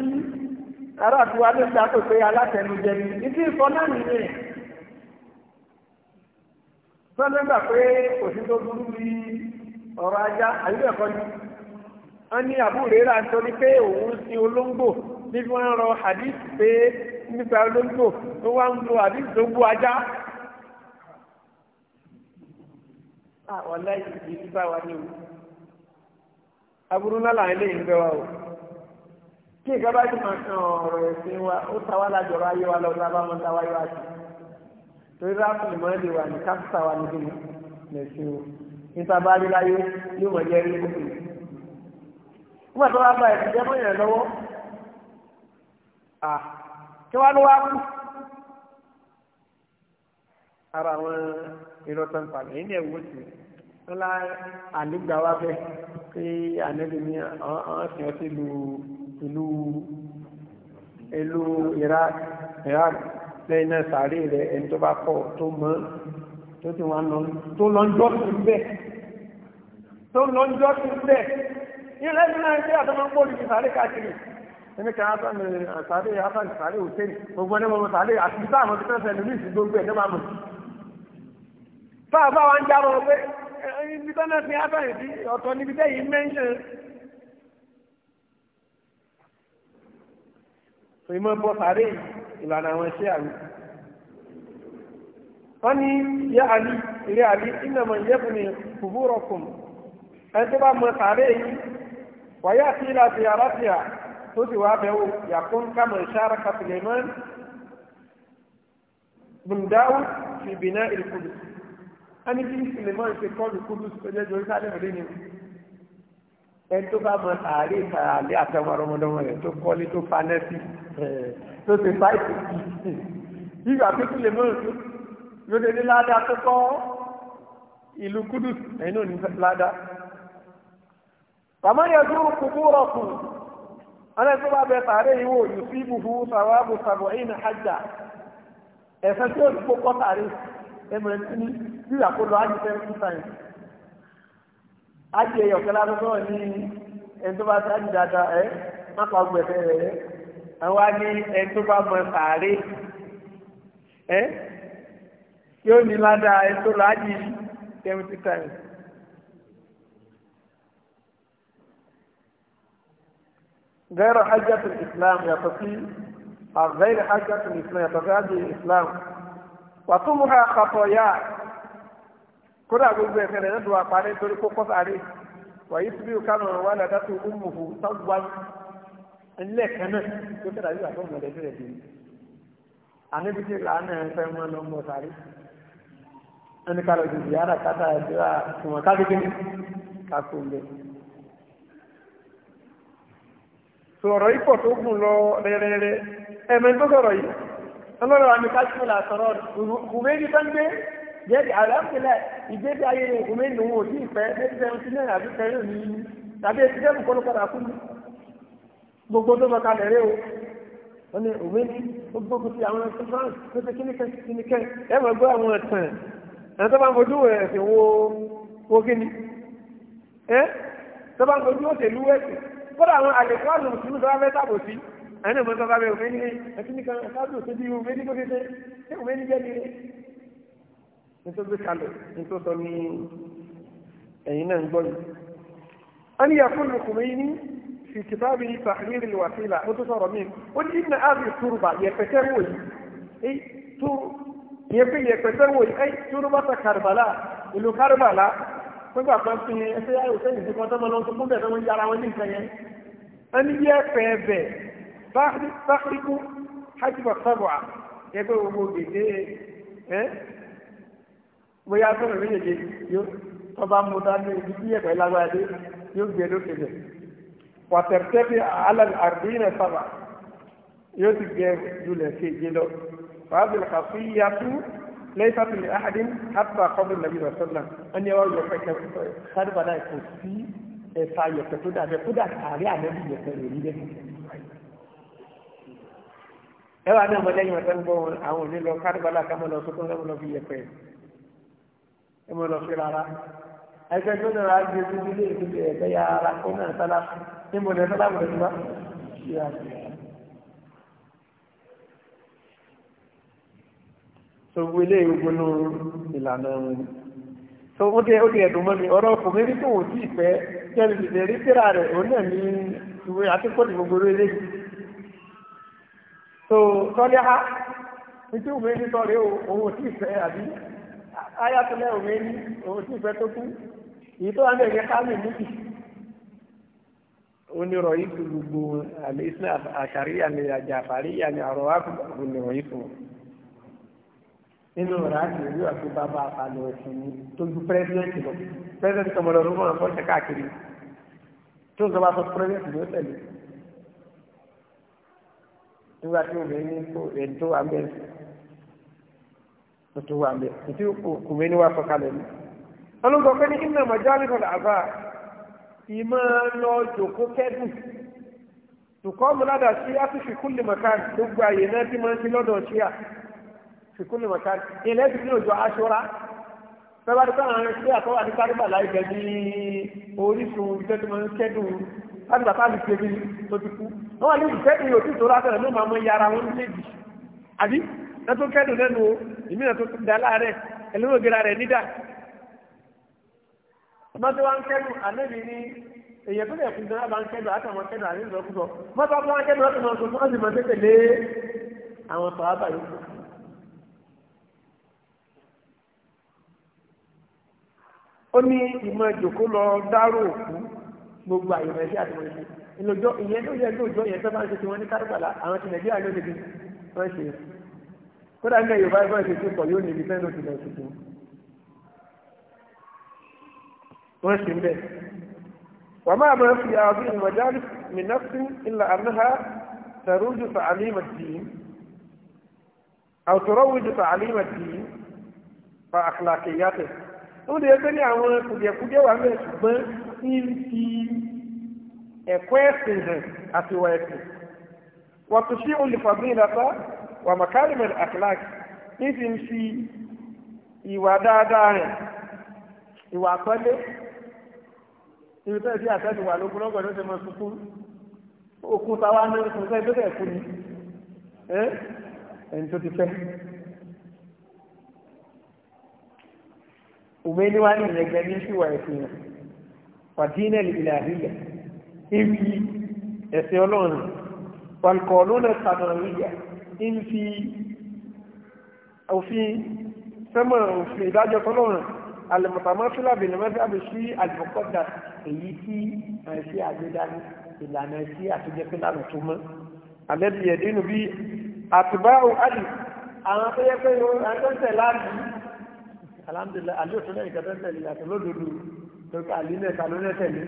ará àtiwá ló ń dàpọ̀ pé alátẹnujẹ ni ibi ìfọ náà nìyẹn sọ́nù gbà pé òsì burú bí ọ̀rọ̀ ajá àyíbẹ̀kọ́ a ní àbúrérà nítorí pé òun sí olóńgbò níbi wọ́n rọ hadith pé nípa olóńgbò tó wá ń lo hadith tó gbó ajá. àwọn aláìsí yìí bá wa ní o aburú ńlá làwọn eléyìí ń bẹ wa o kí nǹkan bá ti máa kan ọ̀rọ̀ ẹ̀sìn wa ó ta wá lájọ̀rọ̀ ayé wa lọ́dún abáwọn ta wáyé wa jù torí ráàpù mọ́ lè wà ní kápítà wa níbi nẹ̀sìn o níta bá rí láyé yóò mọ̀ jẹ́ rí lókè nígbà tó wá bá ẹ̀sìn jẹ́ fún ìrìn lọ́wọ́ à kí wá ló wá kú ara àwọn irọ́ tó ń pa mí ní ẹ̀wọ́ sí wọn lá àlégbà wá bẹ́ẹ̀ pé ànẹ́bí ni àwọn sì ọ́ sí ìlú ìlú ìlú Iraq Iraq lẹ́yìn náà sàárè rẹ̀ ẹni tó bá kọ́ tó mọ́ tó ti wọn lọ tó lọ́njọ́ sí bẹ́ẹ̀ tó lọ́njọ́ sí bẹ́ẹ̀ ilẹ̀ ní nàìjíríà tó máa ń bọ́ọ̀lù ìsàlẹ̀ káàkiri ẹni kan asan asare asan asare hussein gbogbo ẹni gbogbo asare àti sáà mo ti fẹ́ fẹ́ lórí ìsìn gbogbo ẹ̀ ní bàmù. fáwọn fáwọn ń jábọ̀ pé ibi tó náà fi asan ìdí ọ̀tọ̀ níbi tẹ́ yìí mẹ́ńṣẹ̀. ìmọ̀ bọ́ sàárè ìlànà àwọn iṣẹ́ àmì. wọ́n ní yá àlí ilé àlí ìnàmọ̀ ìyẹ́fun ni kùbúrọ̀kùn ẹni tó bá mọ sàárè yìí wàyà àti ilà àti àràfíà tó sì wá bẹ̀wò yàkún kama ìṣára kàtìlẹ́mán bùndáwù fi bìnà ìlkùdù ẹni tí sùlẹ̀mán ṣe kọ́ ìlkùdù ṣẹlẹ̀ jọ ìsàlẹ̀ òde ni ẹni tó bá mọ àárẹ̀ ìtàlẹ́ àtàwọn ọmọdọ́mọ rẹ̀ tó kọ́lé tó fanẹ́sì tó ṣe fáìtì ìgbà tó sùlẹ̀mán tàmán yà dúró أنا kù ọ̀nà tó يصيبه ثواب tààrẹ حجة wò فوق sí ibùfún sàwábù sàbọ̀ èyí nà hajjá ẹ̀sẹ̀ tí ó ti kó kọ́ tààrẹ ẹ̀mẹ̀rẹ̀ tí ní bí àkólọ ájẹsẹ̀ ń sàn ájẹ ẹ̀yọ̀kẹ́ ti ájì dáadáa ẹ̀ má pa gbẹ̀fẹ́ rẹ̀ àwọn á ní ẹni tó bá mọ tààrẹ ẹ̀ yóò ní ládàá ẹni غير حجة الإسلام يتصي غير حجة الإسلام يتصي الإسلام وطمها خطايا كنا أقول بك أنا ندوى قانين تريكو قص عليه ويسبي كان ولدته أمه صبوا إن لك أنا كنت أقول لك أنا لدي أنا بيجي لأنا أنسان ما نمو ساري أنا كالو جزيارة كاتا جزيارة كما كاتا جزيارة كاكولي sọ̀rọ̀ ipò tó gùn lọ rẹ̀rẹ̀rẹ̀ ẹ̀mẹ́ tó sọ̀rọ̀ yìí ọlọ́rọ̀ àmì káṣíkò làtọ̀rọ̀ kùmẹ́ni tó ń gbé jẹ́bi àlàáfíà ìgbésí ayé rẹ̀ kùmẹ́ni lòun ò tí ì fẹ́ bẹ́ẹ̀ tẹ́ ti náà àbí fẹ́ rẹ̀ nìyí tàbí etí dẹ́kun kọ́ ló padà kú ní gbogbo tó bọ̀ka lẹ̀rẹ́ o wọ́n ní kùmẹ́ni ó gbógu ti àwọn ẹ̀sìn France tó ti kíníkẹ́ kíníkẹ́ ẹ̀ mọ̀ gbọ́ ń fojú ẹ̀sìn wo wo kíni ẹ̀ kódà àwọn àlèkọ́ àlùmù sínú tó bá fẹ́ sábò sí ẹni ìmọ̀ tó bá bẹ òfin ní ẹtí nìkan sábò tó bí òfin ní kókété tí òfin ní jẹ́ nílé. nítorí gbé kalẹ̀ nítorí sọ ní ẹ̀yìn náà ń gbọ́ yìí. a ní yàtọ̀ lùkùnrin ní في كتابه تحرير الوسيلة وتصور مين قل إن هذه التربة يفتروي أي تر يفتروي أي تربة كربلاء إلو كربلاء nígbà kan fi ẹsẹ̀ ayò sẹ́yìn sí kan tọ́mọ lọ tó kúndẹ̀ tọ́mọ yára wọn ní nǹkan yẹn ẹni yẹ fẹ́ẹ̀bẹ̀ sáfíríkú hajjibọ̀ sọ́bọ̀ ẹgbẹ́ gbogbo gèdè ẹ́ bóyá sọ̀rọ̀ méjèèjì yóò tọ́ba mú dání ibi tí ẹ̀fẹ̀ lágbára dé yóò gbé lókè lẹ̀ wàtẹ̀tẹ̀ bí alal àrùbíyìn sábà yóò ti gbé lulẹ̀ kéje lọ wàá bẹ̀rẹ̀ kà fún yíyá tún lẹ́yìn tó lè ahadin after kọ́bù nàbí rọ̀sọ́lá wọ́n ní ọwọ́ yọ̀pẹ̀ kẹfẹ́ sáré náà kò sí ẹ̀ka yọ̀pẹ̀ tó dàbẹ̀ kódà àárẹ̀ ànábì yọ̀pẹ̀ rẹ̀ rí bẹ́ẹ̀. ẹ wà ní ọmọ lẹ́yìn wọn sẹ́nu bọ́ wọn àwọn òní lọ sáré bàlá kà mọ́ lọ sókún lọ́mọ lọ fi yọ̀pẹ̀ ẹ mọ́ lọ fi rárá. ẹgbẹ́ tó nà á gbé gbígbé ilé ìdílé ẹ̀gbẹ́ yàrá kó náà sálá ní mo lẹ́ sálá mo lẹ́ so gbogbo ilé ìgbónú ìlànà wọn ni so ó dé ó dé ẹ̀dùn mọ́ mi ọ̀rọ̀ kò mérí tó wò sí ìfẹ́ jẹ́rì ìdè rí síra rẹ̀ òun so sọ́lé ha nítorí òun mérí sọ́rẹ́ òun ò sí ìfẹ́ àbí ayatollah òun mérí òun ò sí ìfẹ́ tó kú èyí tó wà ní ẹ̀yẹ kálí níbi onírọ̀ yìí tó gbogbo àmì islam àṣàríyà ni àjàfàríyà ni àrọ̀wá kò ní yìí fún wọn nínú ọ̀rá àti ìlú àti bàbá àpàlọ̀ ẹ̀sìn ni tó ju pírẹ́sidẹ́ǹtì lọ pírẹ́sidẹ́ǹtì kan mọ̀lọ́ lọ́mọ́ ọ̀pọ̀ ṣe káàkiri tó ń sọ bá sọ pírẹ́sidẹ́ǹtì ló tẹ̀lé nígbà tí obìnrin ní kó ẹni tó wà mẹ́rin tó tó wà mẹ́rin ètí òkùnrin ní wà sọ kalẹ̀ ni. ọlọ́gbọ̀n pé ní kí nàmọ̀ jáde sọ̀rọ̀ àbá ìmọ̀ lọ jòkó kẹ́dù tùkọ́ mọ́ládà sí àtúnṣe kúlì mọ̀ká gbogbo àyè náà tí máa ń ṣe lọ́dọ̀ ṣíà fìkúlù mọ̀ká ilẹ̀ ti ní òjò aṣọra bẹ́ẹ̀ bá àwọn ẹni tí àtọ́wà ní kárìbà láì jẹ́ bí orísun iṣẹ́ tí wọ́n ń kẹ́dùn láti bàtà àti ṣe bí tó ti kú wọ́n wà ní ìfẹ́ ìyò tí tó látọ̀rọ̀ ló máa mọ iye ara wọn léjì àbí ẹ tó kẹ́dùn lẹ́nu ìmíràn tó da láàárẹ̀ ẹlẹ́wọ̀gẹ́ra rẹ̀ nídà mọ́tò wa ń kẹ́dùn àlẹ́bí ní èyàn tó lè fún ìdáná bá ń kẹ́dùn àtàwọn kẹ́dùn àlẹ́bí lọ́kùsọ mọ́tò wa ń kẹ́dùn láti máa sọ fún ọ́sìn máa tẹ́tẹ̀ lé àwọn ó ní ìmọ̀ ìjòkó lọ dárò òkú gbogbo àyè nàìjíríà tó wọlé ìlòjọ ìyẹn ló yẹ lóòjọ yẹn tó bá ń ṣe ti wọ́n ní kárùbàlà àwọn ti nàìjíríà ló lè fi wọn ṣe kódà ní ẹ̀yọ̀ báyìí wọn ṣe tó pọ̀ yóò níbi fẹ́ẹ́ lóṣù lọ́sù tó wọn ṣe ń bẹ̀. wà máa máa fi àwọn ìmọ̀jálù mìnàfin ilà àmìhà tàrújù tààlímà dìín àwòtòrọ́wùjù tààlímà dìín fa àkàlàkè yàtọ̀ ó lè pé ní àwọn kùdìẹ̀kùdìẹ̀ wà mẹ́rin ṣùgbọ́n ní ti ẹ̀kọ́ ẹ̀sìn hàn àti ìwà ẹ̀sìn wọ́n tún sí olùfàgbé ìlàtà wà màkàrìmẹ̀ àkìláàkì ní ti ń fi ìwà dáadáa rẹ̀ ìwà àpọ́lé ibi tó ti àtẹ́tù wà lókun lọ́gọ̀ ló ti mọ sunkún okun táwa ní oṣù sẹ́yìn tó tẹ̀ fún mi ẹ́ ẹni tó ti fẹ́. Umeni wá ní ìrẹ̀gbẹ́ ní kwa ẹ̀sìn fàdínẹ̀lì ìlàríyà ìrì ẹ̀sìn ọlọ́run pàlùkọ̀ọ́lọ́nà sàmàríyà ń fi òfin sẹ́mọ̀ òfin ìdájọ́ tọ́lọ́run alẹ́mọ̀tàmọ́fílà bìnnìmọ́fíàbì sí àlùkọ́dà èyí tí àìsí àgbédáni ìlànà ẹ̀sí àtúnjẹ́ pínlànà tó mọ́ alẹ́bìyẹ̀ dínú bí àtìbáwò àdì àwọn tó yẹ pé àwọn tó ń tẹ̀ láàrín alhamdulilayi ali yóò tún lẹ́yìn kẹfẹ́ tẹ̀lé yàtọ̀ lódodo lókè ali náà kalu náà tẹ̀lé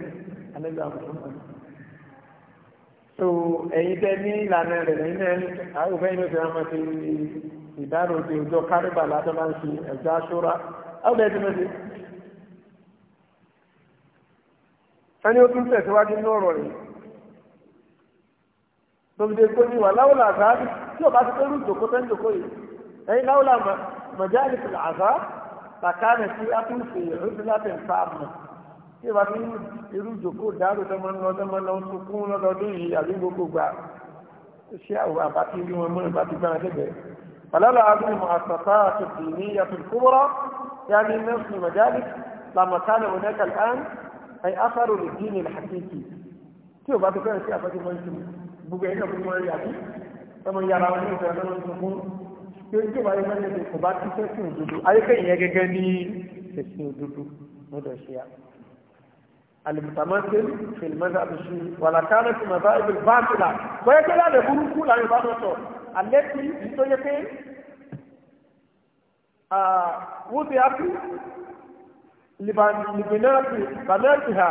alẹ́ gba mọ̀ọ́mọ́. so ẹ̀yin tẹ́ ní ìlànà rẹ̀ lẹ́yìn náà ní àwọn òfin yóò fi hàn máa ti ìdárò ti ọjọ́ kárìbà látọ̀ máa ń fi ẹ̀já ṣọ́ra àwọn bẹ́ẹ̀ ti mọ̀ sí. ẹni ó tún tẹ̀síwájú ní ọ̀rọ̀ rẹ̀ tóbi dé ní wà láwùlà àgbà tí ò bá ti pé rú ìjòkó tẹ́ ń jòkó yìí ẹ̀yin láwùlà màjá àlìkùlà àgbà kàkánì sí ápùlùfù ìrúdúlátìn fáàmù tí ìbá fi irú ìjòkó dáàbò tó máa ń lọ tó máa ń lọ sunkún lọ́dọọdún yìí àbí gbogbo gbà ṣé àwọn àbá ti rí wọn mọ́ ìbá ti gbára débẹ̀. pàlọ́lọ́ agbóhùn àtọ̀tà àtòkì ní yàtọ̀ kúbọ́rọ́ yá ní nẹ́sùn mọ̀jáde làmọ̀kánì wọn lán ẹ̀ afárò lè dín ní làkìkì tí ìbá ti fẹ́ràn sí àbájọ pé tí ó bá yẹ mẹ́rin ẹ̀dùn kò bá tún fẹ́ sí òdodo ayékẹ́ ìyẹn gẹ́gẹ́ ní ẹ̀sìn òdodo lọ́dọ̀ ṣe à. alìmùtàmọ́sẹ́ fèlìmọ́sẹ́ àbùsù wàlàkánà tí màbá ibi báńkìlà bọ́yẹ́ pé láàrẹ̀ burúkú láàrẹ̀ bá lọ́tọ̀ alẹ́ tí ìtọ́ yẹ pé wọ́n ti ápù libanẹ́ẹ̀tì ha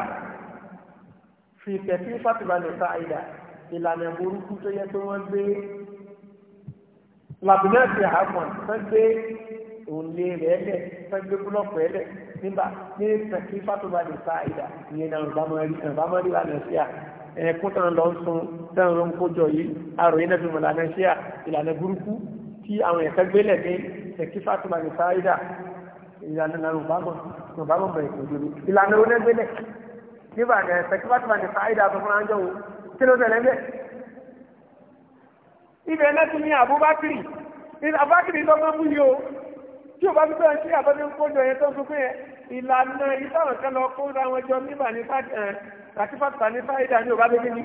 fi tẹ̀sí fàtìbalẹ̀ sáà ìlànà burúkú tó yẹ pé wọ́n gbé làbínẹ́ẹ̀sì àhámọ́ sẹ́gbẹ́ òǹlé rẹ̀ lẹ̀ sẹ́gbẹ́ búlọ́ọ̀kù rẹ̀ lẹ̀ nígbà ní sẹ́kí fàtúbà lè fa ìdá ìyẹn náà ìbámọ́rí ìbámọ́rí wà lẹ́síà ẹ̀kún tán lọ ń sun tán ló ń kójọ yìí àrò yìí náà fi mọ̀ lànà ṣíà ìlànà burúkú tí àwọn ẹ̀ka gbélẹ̀ ní sẹ́kí fàtúbà lè fa ìdá ìlànà náà ìbámọ́ bẹ̀rẹ̀ kò dúró ìlànà onígbélẹ̀ nígbà sẹ́kí fàtúbà lè fa ìdá tó fún ibẹ̀ náà tún ní Abubakar Abubakar lọ́mọ mú yìí o tí o bá fi bẹ́ẹ̀ sí àbọ̀dé kójọ yẹn tó ń fún yẹn ìlànà ìtàwọn kan lọ kó ra wọn jọ nígbà ní pàtàkì ní fáìdà ní òbá bẹ́ẹ̀ ní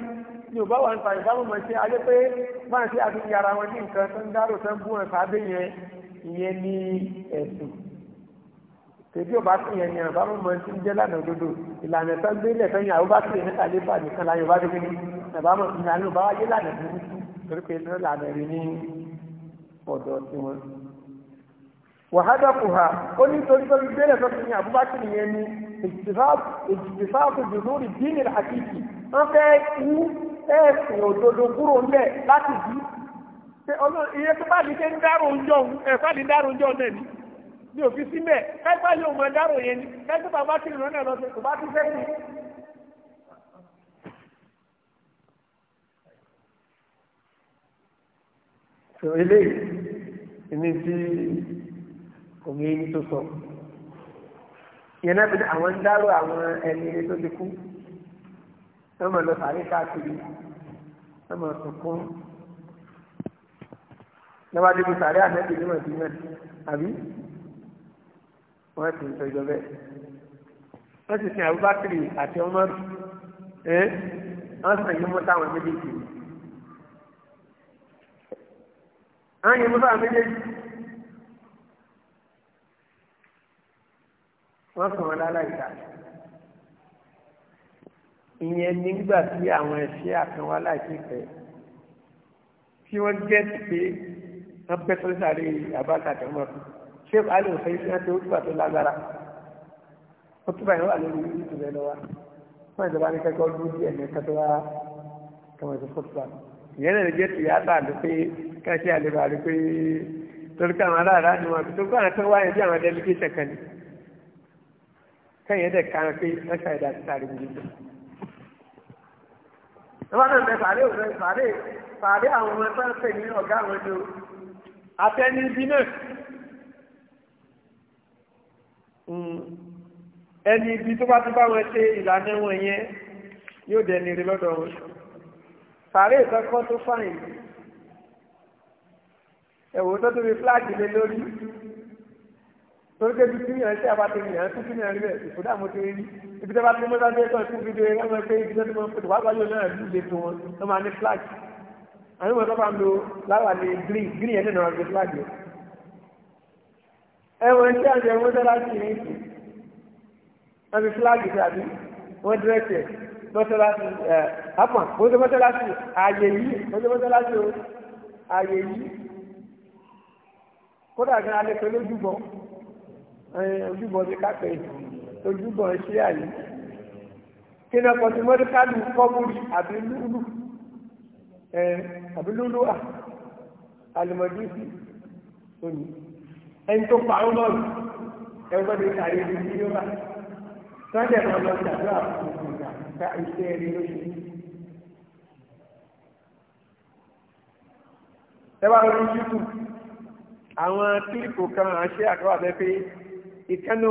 ní òbá wà ń ta ìbámu mọ̀ sí ayé pé máa ń ṣe àfihàn ara wọn ní nǹkan tó ń dárò tó ń bú wọn sábẹ́ yẹn ìyẹn ní ẹ̀sùn tètè òbá sì yẹn ní àbámu mọ̀ sí ń jẹ́ lánàá òdodo ìlànà tó gbé lẹ̀ fẹ́yìn àbúbá sì yẹn ní torí pé tó lànà rí ní ọ̀dọ̀ tí wọ́n. wàhádà kù ha ó ní torí tó fi gbélé tó fi ní Abubakar yẹn ní ìtìfáàkù jùlórí dínì àkìkì wọ́n fẹ́ kú ẹ̀sìn òdodo kúrò ńlẹ̀ láti bí iye tó bá di pé ń dárò ń jọ ẹ̀fá di dárò ń jọ náà ni ní òfin síbẹ̀ káìpá yóò mọ dárò yẹn ni káìpá bá kiri lọ́nà lọ́sẹ̀ kò bá tún fẹ́ kú. sọ eléyìí ní tí òun yìí tó sọ yẹn náà fi àwọn ń dárò àwọn ẹni tó ti kú wọ́n mọ̀ lọ sàárè káàkiri wọ́n mọ̀ sunkún lọ́wọ́ adébí sàárè àmẹ́bí ní wọ́n ti mẹ́ àbí wọ́n ti ń sọ ìjọba ẹ̀ wọ́n ti sin Abubakar àti Umar ẹ́ wọ́n sàn yín mú táwọn méjèèjì yìí. àwọn yẹn musa méjèèjì wọ́n sọ wọn lálẹ́ ìta ìyẹn nígbà tí àwọn ẹ̀ṣẹ̀ àkànwá láìpẹ́ tí wọ́n jẹ́ pé wọ́n pẹ́ tó sáré àbáta àtẹ̀wọ́n fún ṣé alẹ́ òfin ṣe wọ́n ti ó túbà tó lágbára ó túbà yẹn wà lórí ìtúbẹ̀ lọ́wọ́ fún ìjọba ní kẹ́kọ̀ọ́ dúró díẹ̀ ní kẹ́kọ̀ọ́ wá kẹ́wọ́n ti fọ́túbà ìyẹn náà lè jẹ́ tìyátà ló pé káṣí àlebà ló pé torí pé àwọn aráàlá ni wọn tó gbọ́dọ̀ tó wáyé bí àwọn delegation kan ní kẹ́yìn dẹ̀ kàn pé wọ́n ṣàyẹ̀ dà síta rẹ̀ níbi. wọ́n náà bẹ fàárẹ̀ òun fàárẹ̀ fàárẹ̀ àwọn ọmọ ẹgbẹ́ pè ní ọ̀gá àwọn ẹni o àtẹni ibi náà hmm. ẹni ibi tó bá tó bá wọn ṣe ìlànà wọn yẹn yóò dẹni rí lọ́dọ̀ wọn sàárè kankan tó fàyìn ẹ̀wò tó tóbi fúláàgì lé lórí torí pé bí kíyàn ṣe àbáté yàn tún kíyàn rí bẹ́ẹ̀ ìfúdà mo ti rí ibi tó bá ti mọ́tà dé kan tún fi dé wọ́n mọ̀ pé ibi tó ti mọ̀ pé wàá gbáyé náà lù lè fún wọn tó máa ní fúláàgì àwọn ìwọ̀n tó bá ń lo láwà ní green green yẹn náà lè fúláàgì ẹ̀wọ̀n tí àjẹ́ mọ́tà láti ní ìsìn wọ́n fi fúláàgì tàbí wọ́n dírẹ́tì mọ́sálásí ẹ̀ àpọ̀ mọ́sẹ́ mọ́sálásí ààyè yìí mọ́sẹ́ mọ́sálásí o ààyè yìí kódà gan alẹ́ pẹ̀lú ojúbọ ojúbọ ti kápẹ́ ojúbọ ṣé àyè kí ni ọkọ̀ tí mọ́dékálù kọ́múrì àbí lúlù ẹ̀ àbí lúlù à alùmọ̀dúsì òní ẹni tó pa ọ́ lọ́rùn ẹgbẹ́ mi kàrí ibi tí yóò bá sọ́jà náà lọ sí àdúrà fún mi ká iṣẹ́ rí lóṣù yìí. ẹ bá lórí yúkù àwọn kílìpù kan àṣẹ àkọwà bẹ pé ìkànnì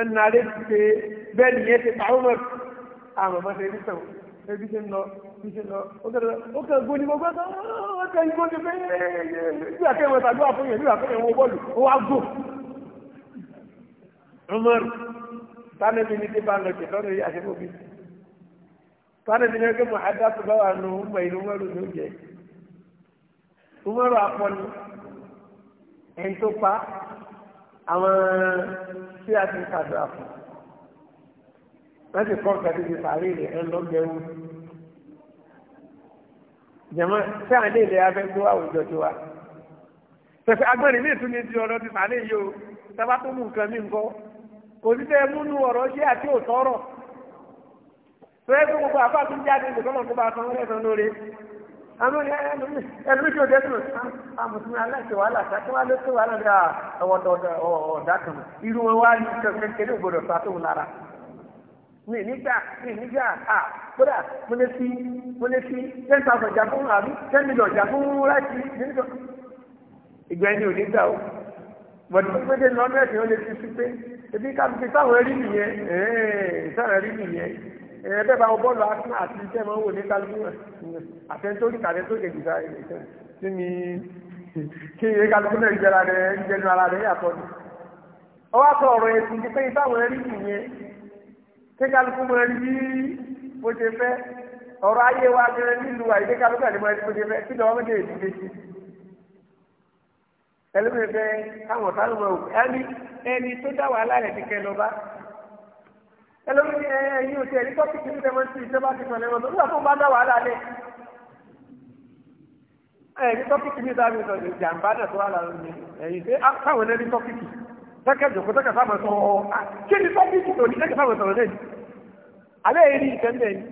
ẹnà rẹ ti pé bẹ́ẹ̀ nìyẹn ti pàrọ̀ mọ́ àmọ́ bá ṣe rí sàn ebi ṣe ń lọ bí ṣe ń lọ ó kàn gbóni mo gbọ́dọ̀ ó kàn gbóni pé bí àkẹ́wọ̀n tàdúrà fún yẹn bí àkẹ́wọ̀n wọ bọ́ọ̀lù ó wá gbò. ọmọ rẹ tánẹ́bí ni tí bá lọ jẹ̀ lọ́nà yìí àṣẹ fún mi tọ́lá ti ní ẹgbẹ́ mọ̀ adáko bá wà nù ọmọ ìlú mọ́rù ló jẹ umaru akọni ẹni tó pa àwọn tí a ti kàdúrà fún wọ́n ti kọ́ nǹkan tó ti sàárè rẹ̀ ẹ̀ lọ́gẹ̀ẹ́wò jẹ̀mọ́ tí àwọn ilé ìlera fẹ́ gbó àwùjọ tó wa pẹ̀sẹ̀ agbẹ́rin ní ìtúni ti ọ̀rọ̀ ti sàárè yìí o sábà tó mú nǹkan mí nǹkan òtítẹ́ múnú ọ̀rọ̀ ṣé àti òtọ́rọ̀ fẹ́ẹ́ kó gbogbo àfa tó ń jáde ní kọ́mọ̀ kó bá a san owó ẹ̀sán lóore àwọn ẹlòmíì tí ó dé sùn àmùsùn aláìsè wàhálà sàkó wà ló tó wàhálà bí ọ̀dà kan irú wọn wá ní kékeré ògbòdò sàtó lára ní nígbà ní nígbà à kódà mo lè fi mo lè fi ten thousand jà fún àbí ten million jà fún láti nígbà ìgbà ẹni ò ní gbà o bọ̀dé tó pété lọ́nà ẹ̀sìn ó lè fi sí pé ebi ká fi sáwọn ẹrí nìyẹn sáwọn ẹrí nìyẹn ẹ̀yẹ bẹ́ẹ̀ bá wọ bọ́ọ̀lù arsenal àti iṣẹ́ máa ń wò ní kálukú àtẹnitórí kàtẹnitórí kìkà sí mi kí iye kálukú náà jẹra rẹ jẹnu ara rẹ yàtọ̀ ni. ó wá sọ ọ̀rọ̀ yẹn tuntun pé ìtàwọn ẹrí nìyẹn kí kálukú máa rí bó ṣe fẹ́ ọ̀rọ̀ ayé wa gẹ́gẹ́ nílùú àyíké kálukú àti máa rí bó ṣe fẹ́ kí lọ́wọ́ méjèèjì lè ṣe ẹlẹ́mìí fẹ́ káwọn táwọn ọmọ òkú ẹni ẹlòmí ni ẹ ẹ yín o tiẹ̀ ní tọ́pìkì ní tẹ́wọ́n tí ìjọba ti pẹ̀lẹ́ wọn nígbà tó ń bá dá wàhálà lẹ̀ ẹ ní tọ́pìkì ní ìdáhùn ìsọ̀ ìjàmbá náà tó wà lára mi ẹ̀yìn pé káwọn ah, náà ní tọ́pìkì tẹ́kẹ̀ jòkó tẹ́kẹ̀ sábà sọ ọ ah, kí ni tọ́pìkì tó ní tẹ́kẹ̀ sábà sọ̀rọ̀ lẹ́yìn alẹ́ yìí ní ìtẹ́ ńlẹ̀ yìí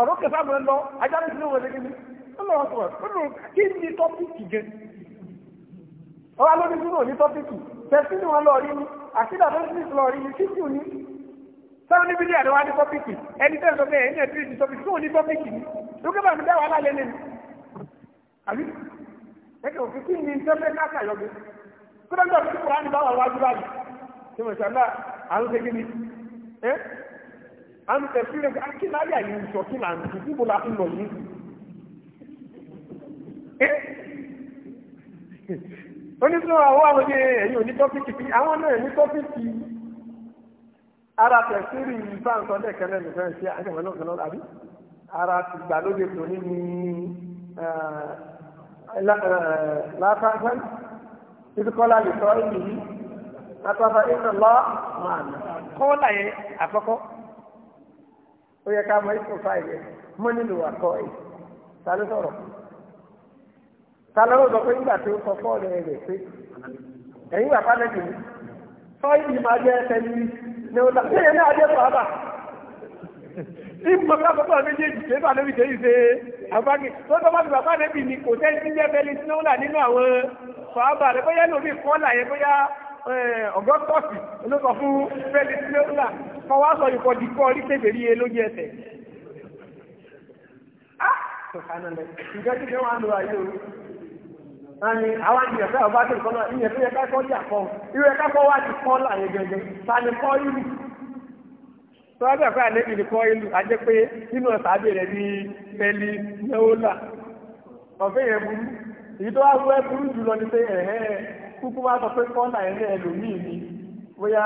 ọ̀rọ̀ kẹfà mọ̀ lọ ajáde sí wọn lẹ́yìn ọlọ́wọ́ sọ̀rọ̀ kí ni tọ́pìkì gẹ ọlọ́wọ́ lórí sínú òní tọ́pìkì tẹ̀sí ni wọn lọ rí ni àti ìdàbẹ́ sí lọ rí ni kí ni sọ́run níbi ní àdéhùn ní tọ́pìkì ẹni tẹ́ sọ pé ẹni ẹ̀dúrí ti tọ́pìkì tó ní tọ́pìkì ni lókè bá mi dá wàhálà lé lẹ́nu àbí ẹ̀kẹ́ òfin kí ni tẹ́lẹ̀ káàkà yọ̀gbé kó ló ń dọ̀ sí kùránì bá wà wájú báyìí ṣe mọ̀ ṣàlá àrùn ṣe gíní ẹ́ àrùn tẹ̀sí rẹ̀ kí náà yà yìí sọ kí là ń tù kí bọ́lá ń lọ yìí ẹ́ oníṣòwò àwọn àwọn ẹ̀yìn onítọ́pìkì àwọn náà ní tọ́pìkì ara tẹ̀sírì bá nǹkan dẹ̀ kẹlẹ́ nìkan ṣe àjẹmọ́ náà kanáà àbí ara ti gbà lóde tòní ní látàkùn ìdíkọ́lá lè sọ èyí yìí ìnà lọ máa nà kọ́ọ̀là yẹn àkọ́kọ́ ó yẹ ká mọ ìfò fáìlì mọ́ nílò àkọ́ ẹ̀ ta ló sọ̀rọ̀ ta ló sọ pé nígbà tó sọ fọ́ọ̀lù ẹ̀ rẹ̀ pé na ọ̀la lẹ́yìn na jẹ́ sàábà ní mọ̀ká sọ́kọ́ méjèèjì pé bá lóbi na ṣe àbági tó tọ́ bá ti bàbá níbi ni kò tẹ́ sí jẹ́bẹ́lì tí ó là nínú àwọn sàábà rẹ̀ bóyá lóbi kọ́ là yẹn bóyá ọgọ́tọ̀sì olókọ̀ fún fẹ́lẹ̀ tí ó la kọ́ wá sọ ìkọ̀ dìkọ́ orí tẹ̀bẹ̀rí yẹn e lójú ah ǹjẹ́ kí ni wọ́n á lo ayé o ẹni àwọn ọba tó náà yẹ yà kọ́ irú ti kọ́ láàyè gẹ́gẹ́ ni kọ́ ìlú tó wá bẹ̀rẹ̀ ni kọ́ ìlú a pé nínú ọ̀sà ní pẹ́lí ọ̀fẹ́ yẹn burú èyí tó wá ẹ burú jùlọ ni pé ẹ̀hẹ́ kúkú wá sọ pé kọ́ ẹlòmíì ni bóyá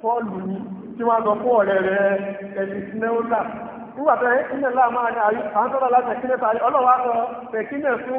fọ́ọ̀lù ni tí wọ́n sọ fún ọ̀rẹ́ nígbà tó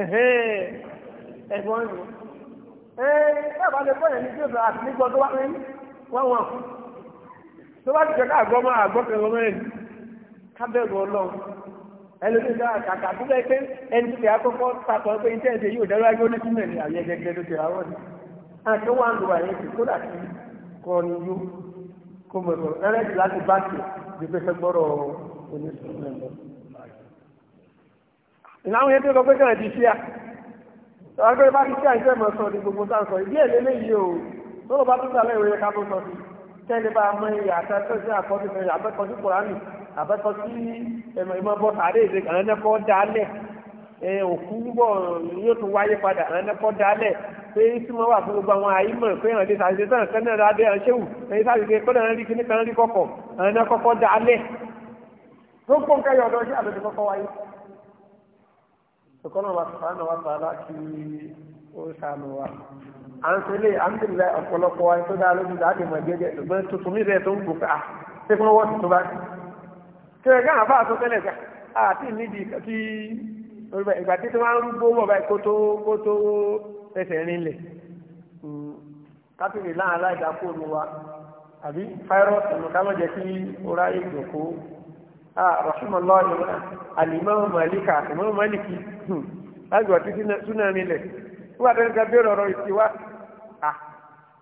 Ehe ni ẹ bá lè bọ́yẹ̀ ní jésù àti nígbọ́ tó wá ní wọ́n wọ́n tó bá ti jẹ́ ká àgọ́ máa mẹ́rin kábẹ́rù ọlọ́run ẹlòmíì dára kàkà tó bẹ́ẹ̀ pé ẹni tó kẹ́ akọ́kọ́ tapọ̀ pé iṣẹ́ ìṣe yóò dára yóò ní túnmẹ̀ ní gẹ́gẹ́ ti láwọn yẹn tó lọ pé kẹ́rẹ̀ ti ṣíà tọ́wọ́ pé bá ti ṣíà ìṣẹ́ mọ̀ sọ ní gbogbo tá à ń sọ ìdí èlé léyìí o tó lọ bá tó sàlẹ̀ ìwé ká tó sọ sí kẹ́lẹ́ bá mọ iye àtẹ́tọ́ sí àkọ́sí mẹ́rin àbẹ́kọ́ sí kùránì àbẹ́kọ́ sí ìmọ̀ bọ́ sàárè èdè kan ẹnẹ́kọ́ dálẹ̀ òkú bọ̀ yóò tún wáyé padà ẹnẹ́kọ́ dálẹ̀ pé símọ́ wà fún gbogbo àwọn àyímọ̀ pé hàn lè sàṣẹ tán kẹ́nà adé àṣẹwù ẹ̀yìn sàṣẹ kọ́nà rí kíní kan rí kọ́kọ́ ẹnẹ́kọ́kọ́ dálẹ̀ tó pọ̀ kẹ́yọ̀ ọ̀dọ́ sí àbẹ̀tẹ̀ kọ́kọ́ wáyé sọkọ́nà wa sọ̀rọ̀ wa sọ̀rọ̀ kí ó sànù wa. à ń sọ ilé àmìlẹ̀ ọ̀pọ̀lọpọ̀ wa tó dáa lójú dáa dìmọ̀ jẹjẹ ṣùgbọ́n tuntun mi rẹ̀ tó ń gbòkà ṣé kí wọ́n wọ́n tuntun bá ti. tí wọ́n gán àbá àtọ́ tẹ́lẹ̀ gbà àti nídìí kí ìgbà tí wọ́n ń gbó wọ̀ Ah, rahimahullah alimami malika alimami maliki hmm. láti ah, wà títí súnà nílẹ̀ wọ́n àti ẹ̀ka bẹ́ẹ̀ rọrọ ìsìwá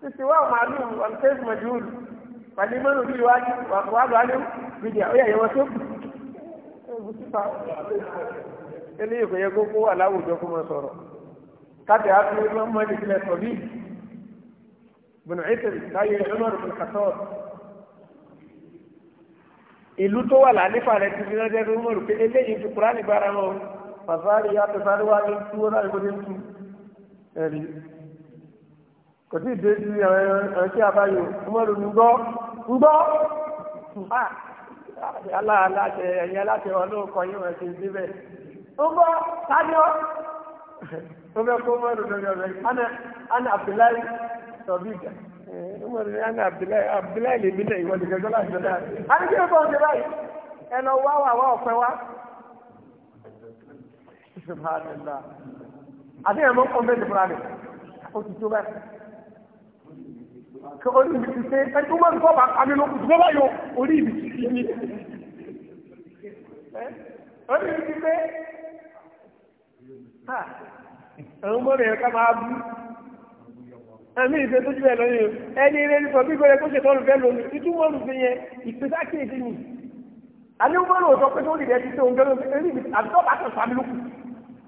ìsìwá màálùú ọ̀nkẹ́sì mọ̀júùl pàdémọ́nù bíi wájú wà lọ́wọ́ bíi ọ̀yà yẹn wọ́n tó kù eléyìí kò yẹ kó kó wà láwùjọ kó máa sọ̀rọ̀ káàtì àti ẹgbẹ́ mọ́lì tilẹ̀ sọ̀bí bùnà ìtẹ̀lẹ̀ láyé ọmọdé kò kàtọ́ọ̀ ìlú tó wà lálífà rẹ̀ ti fi ránṣẹ́ tó mọ̀ rò pé eléyìí fi kúrá ní bára wọn fàfáàrí yàtọ̀ sáré wá ní tú ó láì kóde tú ẹ̀rí kò tí ì dé sí ẹ̀ṣẹ́ àbáyọ ọmọdé ń gbọ́ ń gbọ́ aláàláṣẹ ẹ̀yìn aláṣẹ wọn ló kọ yín wọn ṣe síbẹ̀ ń gbọ́ sáyọ́ ó fẹ́ kó mọ́rùn lórí ọ̀rẹ́ ana abdullahi sọ̀bí ìjà Eh, Umar ní àná Abdullahi Abdullahi lè bílẹ̀ ìwọ nìkan gbọ́dọ̀ Abdullahi. A ní kí ló bọ̀ ọ́ ṣe báyìí? Ẹ lọ wá wà wá ọ̀pẹ wá. Àti ẹ̀mọ́ kan bẹ́ẹ̀ dìbò rẹ̀, ó ti tó bẹ́ẹ̀. Kí orí ibi ti ṣe, ẹni Umar kọ́ bá àmì ló kùtù bọ́bá yọ orí ibi ti ṣe ní. Orí ibi ti ṣe, ha, ẹ̀rọ mọ́rin ẹ̀ká máa bú àmì ìfẹ́ tó jù bẹ́ẹ̀ lọ́yìn ẹni eré nípa bí gbẹ́rẹ́ kó ṣe tọ́lù fẹ́ lómi títún wọ́n lù fi yẹn ìpèsè kéèdì ni àní wọ́n lò sọ pé tó lè rẹ ti tó ń gbẹ́rẹ́ eré mi àbí tó bá kàn sá mi lókù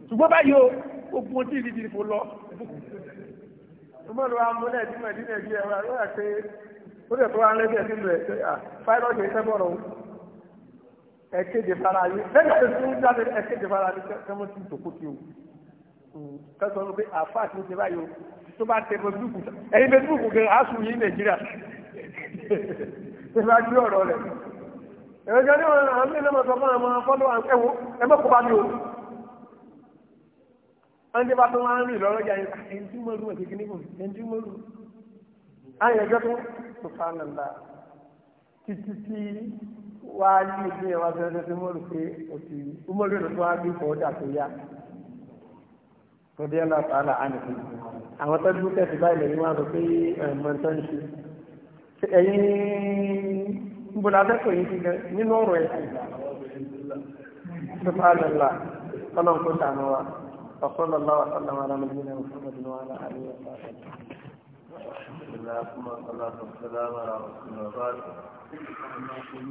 ṣùgbọ́n báyìí o ogun ojú ìdí ìdí ìfò lọ. ọmọ ìlúwa mú náà dínà dínà bí ẹwà ló yà pé ó lè tó wá lẹ́sẹ̀ nínú ẹ̀ pé fáírọ́ọ̀dù ẹ̀ṣẹ́ bọ̀rọ̀ o ẹ̀ kéde fara yìí lẹ́yìn tó tún jáde ẹ̀ kéde fara yìí kẹ́mọ́tì tòkó kí o kẹ́sọ̀ ló pé àfáà ti ń ṣe báyìí o tó bá tẹ facebook ẹni facebook gan aṣù yìí nàìjíríà ṣe bá gbé ọ̀rọ̀ rẹ̀ ẹ̀rọ̀jọ́ ní ọ̀rọ̀ àwọn ilé mọ̀tọ́ fún àwọn fọ́lọ́ ẹ̀wọ̀ ẹgbẹ́ bá mi o wọ́n ti bá tó wá ń lọ́rọ́ jà ẹni tí mo rú ẹ̀kẹ́ kí ní kò ẹni tí mo rú àwọn ẹ̀jọ́ tó fa nàlá títí tí wàá ní ìdí ẹ̀ fẹ́ẹ́ fẹ́ẹ́ mo rò pé òtí mo rò wá bí kò tó yá rọ̀dí aláàtàlà ànìkú àwọn tó dúró tẹ̀sí báyìí lẹ́yìn wọn sọ pé mọ̀ntán ṣe ẹ̀yìn níbùdó afẹ́kọ̀ọ́ yìí ti gẹ nínú ọ̀rọ̀ ẹ̀ sọ́fàlọ́lá ọlọ́run kó sànù wa ọ̀sọ́lọ́lá wa sọ́lá wa lọ́nà ìgbìnà ìfọ̀mọ̀dún wa náà àlè ọ̀sán
Thank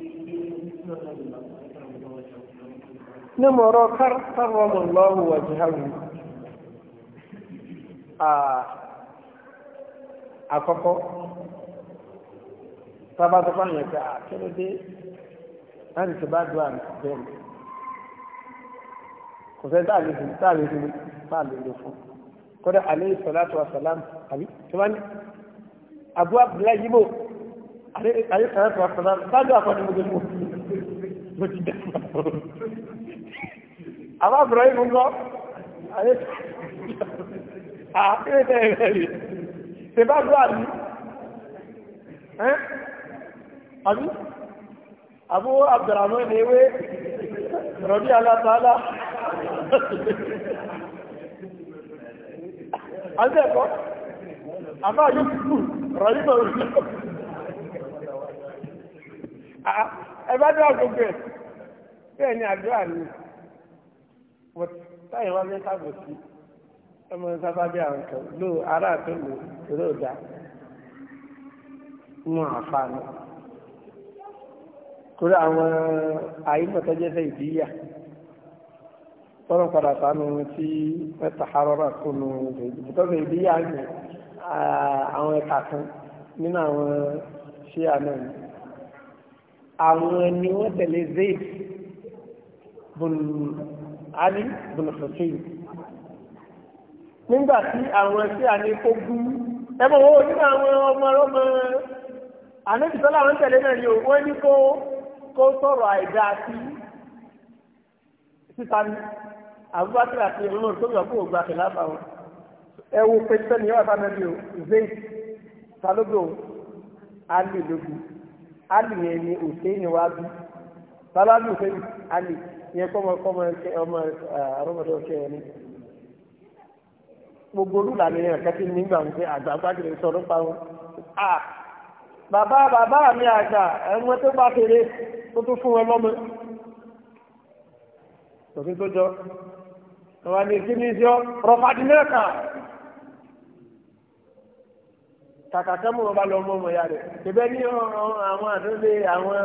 you ní mọ̀rọ̀ kárọ̀mọ̀ lọ́wọ́ wàjíháwù àkọ́kọ́ sábàtọ́fà yẹn pé àkẹ́lẹ́dẹ́ láti ṣe bá dùn àmì bẹ́ẹ̀ kò fẹ́ tá a lè fi tá a lè lò fún kódà alẹ́ ìsọ̀látọ̀ àsàlám àbí tó bá ní àbá Ibrahim ń lọ àkíyèsí ẹ̀rẹ̀ rí ṣe bá gbọ́ àbí àbí àbú Abdurrahman ní ewé rọ̀bí alátàálá
àti ẹ̀kọ́ àbá yóò kú rọ̀bí bọ̀rù
ẹ̀bá dúrà gbogbo ẹ̀ bẹ́ẹ̀ ni àdúrà ni but táyì wá fẹ́ káàbọ̀ sí ọmọ sábà bí àwọn kan ló ará tó lò ló dá mú àǹfààní kúrò àwọn àyíkọ̀tọ́jẹ́sẹ̀ ìdíyà tọ́lọ̀ padà sánú tí mẹ́ta harọ́rà kúnnú ìbùtọ́sẹ̀ ìdíyà àgbẹ̀ àwọn ẹ̀ka kan nínú àwọn ṣíà náà ni àwọn ni wọ́n tẹ̀lé zayd bùn Ali bin Hussein nígbà tí àwọn tí a ní kó bú ẹmọ owó nígbà àwọn ọmọ ọmọ àníbìsọ́lá àwọn tẹ̀lé náà ni wọ́n ní kó kó sọ̀rọ̀ àìdá sí síta ní Abubakar àti ìrìnà tó yọ kó ògbà kìlá bá wọn ẹ wo pẹ̀tẹ́ ni yọ̀ọ́ bá mẹ́bí o Zayd Salogo Ali lógun Ali yẹn ni òṣèlú wa bí Salamu Hussein Ali ìyẹn kọ́ ọmọ ọmọ àrọ́mọdé ọ̀kẹ́ ẹni. gbogbo olúla ni ẹ̀ka tí nígbà ń pé àgbà gbàgede sọ̀rọ̀ pa wọn. à bàbá bàbá mi àgbà ẹ̀wọ̀n tó bá fèrè tó tún fún wọn lọ́mọ. òfin tó jọ àwọn àti ìsinmi ìṣọ́ rọ̀fàdínẹ́ẹ̀kà kàkà kán mú wọn bá lọ mú ọmọ ya rẹ̀ ìbẹ́ ní àwọn àdúgbò àwọn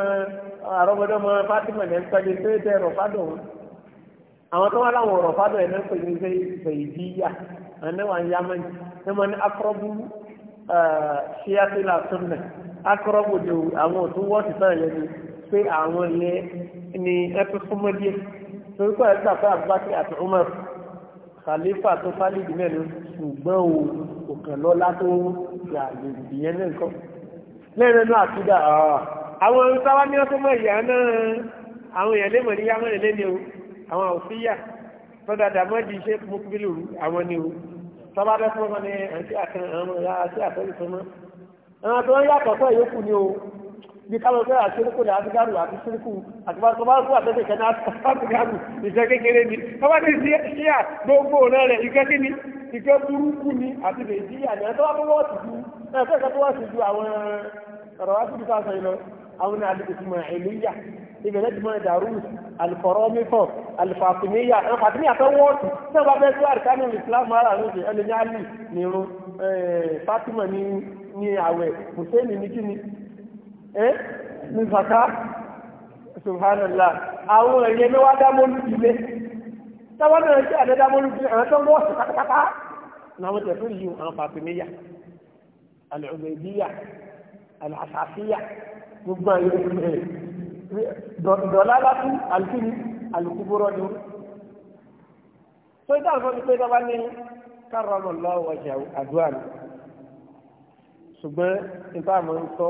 àrọ́gbọ́dọ́mọ Fatima ní ẹ̀ńpẹ́lẹ́ tó tẹ rọ̀fádọ̀ wọn àwọn tó wá láwọn rọ̀fádọ̀ ẹ̀ náà pè ní fẹ̀yìdíyà ànáwà ń yá mẹ́ni ẹ̀ mọ́ ní akọ́rọ́bù ṣíyásílà sunna akọ́rọ́bù dò àwọn òtún wọ́ọ̀tì náà yẹn ni pé àwọn yẹn ni ẹ tó súnmọ́ díẹ̀ torí pé ẹ gbà pé Abubakar àti Umar khalifa tó fálídìí mẹ́rin ṣùgbọ́n kò kàn lọ́lá tó yà àgbègbè yẹn náà kọ́ lẹ́nu náà àtúndà àwọn sáwá ní ọtún mọ̀ ìyá náà àwọn èèyàn lè mọ̀ ní yámọ̀ nílé ni o àwọn òfíyà tọ́da dàmọ́dì ni o tọ́ba bẹ́ fún ọmọ ní àti àtẹ àwọn ọmọ ìyá àti àtẹ ìfọmọ́ àwọn tó ń yàtọ̀ sọ ìyókù ni o bí káwọn fẹ́ àṣírúkú ní àdúgárù àti ṣírúkú àti bá tọ́bá fún àtẹ́sẹ̀ kẹ́ ní àdúgárù ìṣẹ́ kékeré ni tọ́bá ní sí à gbogbo náà rẹ̀ ìkẹ́ kí ni ìkẹ́ burúkú ni àti nàìjíríà ní ẹ̀tọ́ wọ́n wọ́ọ̀tì ju ẹ̀fẹ́ kan tó wà sí ju àwọn ọ̀rọ̀ wá síbi sáà sọ̀rọ̀ àwọn àdìgbòsùmọ̀ ìlúyà ibẹ̀rẹ̀ ti mọ ìdàrú alùpọ̀rọ̀ mẹ́fọ̀ alùpàtìmíyà alùpàtìmíyà fẹ́ wọ́ọ̀tì náà bá fẹ́ tó àríkánú ìsìlámù ara ló ṣe ẹni ní àlì nìrún Fatima ní àwẹ̀ Hussein ní kíni ẹ́ ní zaka subhanallah àwọn èèyàn ló wá dámọ́lù ilé táwọn náà ṣe àdé dámọ́lù ilé àwọn tó ń wọ́ọ̀sì pátápátá náwọn tẹ̀sí yìí àwọn fàtìmíyà alùbẹ̀díyà alàṣàfíyà gbogbo àyè dọ̀lá látú alùpùpù alùkúbúrọ̀ ni tó ń dáhùn fún ṣùgbọ́n nípa àmọ́ ń sọ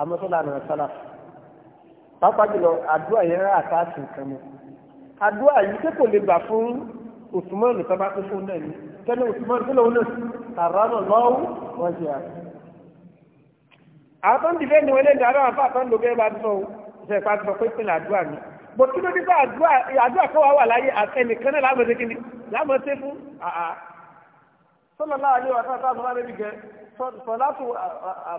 àmọ́tọ́lá náà sálà pàápàá jùlọ àdúrà yẹn rà àtàtì nǹkan mu àdúrà yìí tó kò lè gbà fún Usman tó bá pé fún náà ni tẹ́lẹ̀ Usman tó lòun náà àránà lọ́wọ́ wọ́n ṣe àná. àwọn tó ń dìbẹ́ ni wọ́n lé ní àárọ̀ àfa àtọ́ ń lo bẹ́ẹ̀ bá sọ ṣe pa sọ pé pínlẹ̀ àdúrà mi bó kí ló dé bá àdúrà àdúrà kọ́ wa wà láyé àtẹnìkan náà lámọ̀ sọlọ́lá àlẹ́ wa sáà sáà nàbí gẹ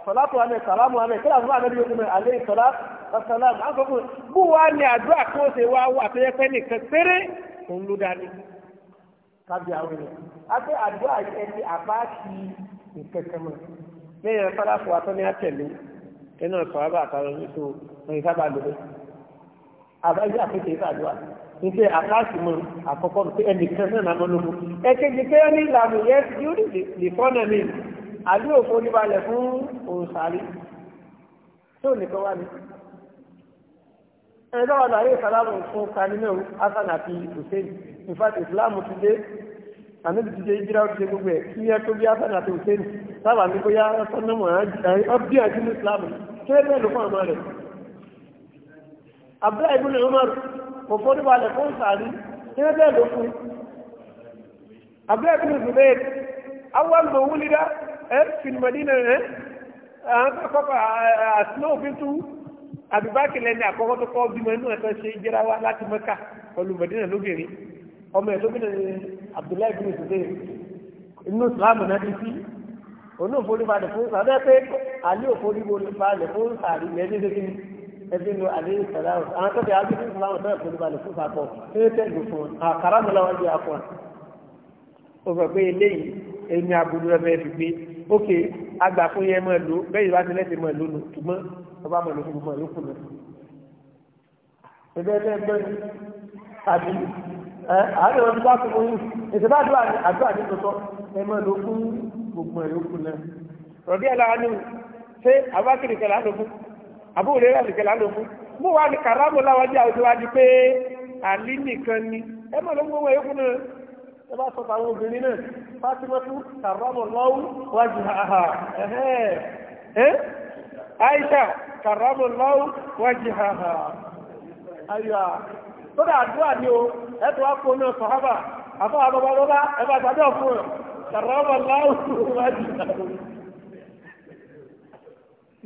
sọlátù alẹ́ sàlámù alẹ́ kí lásán àlẹ́ yókùn alẹ́ sọlátù sàlámù àkọ́kọ́ bó wá ní àdúrà tó ṣe wá wà tó yẹ pẹ́ nìkan péré òun ló dání kábí àwọn èèyàn àti àdúrà ẹni àbáàkì ìkẹkẹ mọ lẹ́yìn afárá fún wa tó ní àtẹlé ẹnà sọ̀rọ̀ bá àtàrà ní so wọn ìsábà lóde àbájá àpètè ìsàdúrà nígbà àkáàtì mọ àkọ́kọ́ pé ẹnìkan náà nàmọ́ lóko ẹ̀kejì pé ó ní ìlànà yẹn tí ó lè fọ́nà mi àbí òfò oníbalẹ̀ fún òǹsàrí tó nìkan wá ní. ẹni tó wà láyé ìsàlámù fún kanínú hasan àti hussein ìfàtí ìsìlámù ti dé àníbi ti dé ìjírá ti dé gbogbo ẹ̀ kí ẹ tó bí hasan àti hussein sábà ní bóyá sọ́nàmù ọbí àti ní ìsìlámù kí ẹ kò forí balẹ̀ fún sàárì ní ẹgbẹ́ ló fún abẹ́ẹ̀kì ní zubair awal ló wúli dá ẹ fìlìmọ̀dínà ẹ àwọn akọ́kọ́ àsìlò òfin tú àbíbákì lẹ́ni àkọ́kọ́ tó kọ́ bímọ inú ẹ̀tọ́ ṣe jẹ́ra wá láti mẹ́kà pẹ̀lú mẹ́dínà lóbìnrin ọmọ ẹ̀ lóbìnrin abdullahi bin zubair inú islam náà ti fi onú òforí balẹ̀ fún sàárì ẹ pé àlẹ́ òforí balẹ̀ fún sàárì lẹ́ni ẹbí nu àdéhùn sàdáwò àwọn tó ti àbí fún fúláwọ̀ sọ̀rọ̀ pẹ̀lú balẹ̀ fún fàkọ̀ nínú tẹ́gùn fún àkàrà mi lọ́wọ́ jẹ́ àkọ́ o fẹ́ pé eléyìí ẹni aburú rẹ̀ fẹ́ fi gbé ókè àgbà fún yẹn mọ̀ lò bẹ́ẹ̀ bá ti lẹ́sẹ̀ mọ̀ lò nù tùmọ̀ ọba mọ̀ lókùn mọ̀ lókùn lọ. ẹgbẹ́ ẹgbẹ́ gbẹ́ àbí àárẹ̀ wọn ti bá tó oyún ìṣẹ̀dá àdúrà ní àdúrà ní tuntun ẹ mọ̀ lókùn gbogbo ẹ̀ lókùn náà. rọ̀bí ẹ̀ lára ní ṣé àbákìrì kẹlẹ́ àdókùn àbúrò rẹ̀ nìkan là fún mú wa ní kàrámù pé àlí nìkan ni ẹ má ló ń gbówó náà ẹ bá sọ àwọn obìnrin náà fásimọ́tú kàrámù lọ́wọ́ wájú àhà ẹ kàrámù lọ́wọ́ wájú àhà ayọ̀ àdúrà o ẹ tó wá kó náà sọ̀hábà bọ́bá ẹ bá kàrámù lọ́wọ́ wájú ha.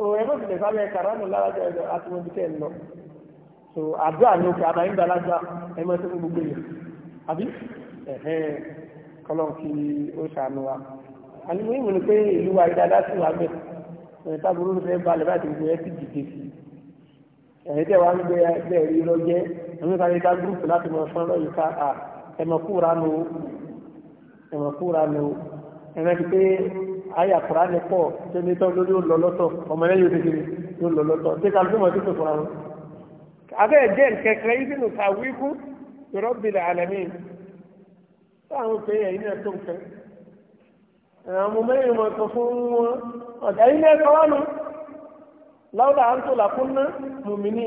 so ẹgbẹ́ òfin lẹ́sà bẹ́ẹ̀ kàránù lára ẹ̀dọ̀ àtúmọ̀bíkẹ́ ẹ̀ lọ so àdúrà ní oṣù àbáyé ńgbà lágbà ẹ mọ́ ẹsẹ̀ fún gbogbo yẹn àbí ẹ̀hẹ́n kọ́lọ́n kí ó ṣàánú wa àlùmọ́ ìwé ni pé ìlú wa ìdá dásì wà bẹ̀ ẹ̀ta burú fẹ́ balẹ̀ bá ti gbogbo ẹ ti dìde sí ẹ̀yìn tẹ̀ wá ń gbé ẹgbẹ́ rí lọ́jẹ́ ẹ̀mí kan ìta gúrùpù láti mọ̀ fún ọlọ́yìn ká ẹ̀mọ̀kúra ni ó ẹ̀rẹ́ ti pé ayé àkùrá ní pọ̀ tó ní tọ́ lórí ó lọ lọ́tọ̀ ọmọ ẹ̀yẹ́ yóò tẹ̀lé yóò lọ lọ́tọ̀ tí kàlùkù mọ̀ sí tòkòrò àwọn. abẹ́ jẹ́ kẹkẹrẹ yìí nínú ta wíkú ìrọ́bìlẹ̀ àlẹ́mí táwọn pé ẹ̀yìn náà tó nǹkan. àwọn ọmọ mẹ́rin mọ̀ sọ fún wọn ọ̀dà yìí náà kọ́ wánu láwùdà à ń tó làkúnná mùmíní.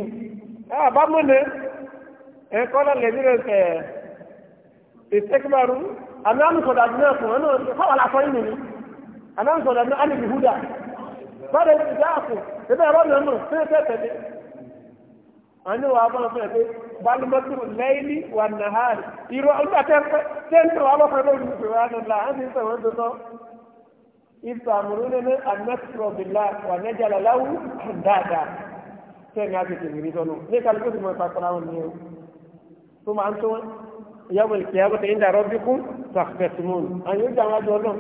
ẹ àbámọ́ni ẹ kọ́ àmì àmìsọ̀dà jù náà fún ọ̀nà fáwọn aláṣọ ìlú ni àmì àmìsọ̀dà jù náà alìbì húdà bọ́dẹ̀ ti dá àpò ẹgbẹ́ ẹ̀rọ mi ọ̀nà fún ẹgbẹ́ tẹ̀lé àní wàá bọ́ fún ẹgbẹ́ balimọ́tò lẹ́yìnì wà nàhárì irú ọdún àtẹ́fẹ́ tẹ́ńtọ̀ wà lọ́kọ̀ ẹgbẹ́ olùdókòwò wà nàlá á ti sọ̀rọ̀ dọ́tọ́ ìsàmùrún ní anásírọ̀bìlá wà nẹ́jàlá láwù dáadáa tẹ́ni á ti yàwó ìkìyàwó tẹ̀yìn dàrọ́ bí kú tàkìtẹ̀tìmọ́nù àyè ìjà wọn jọ náà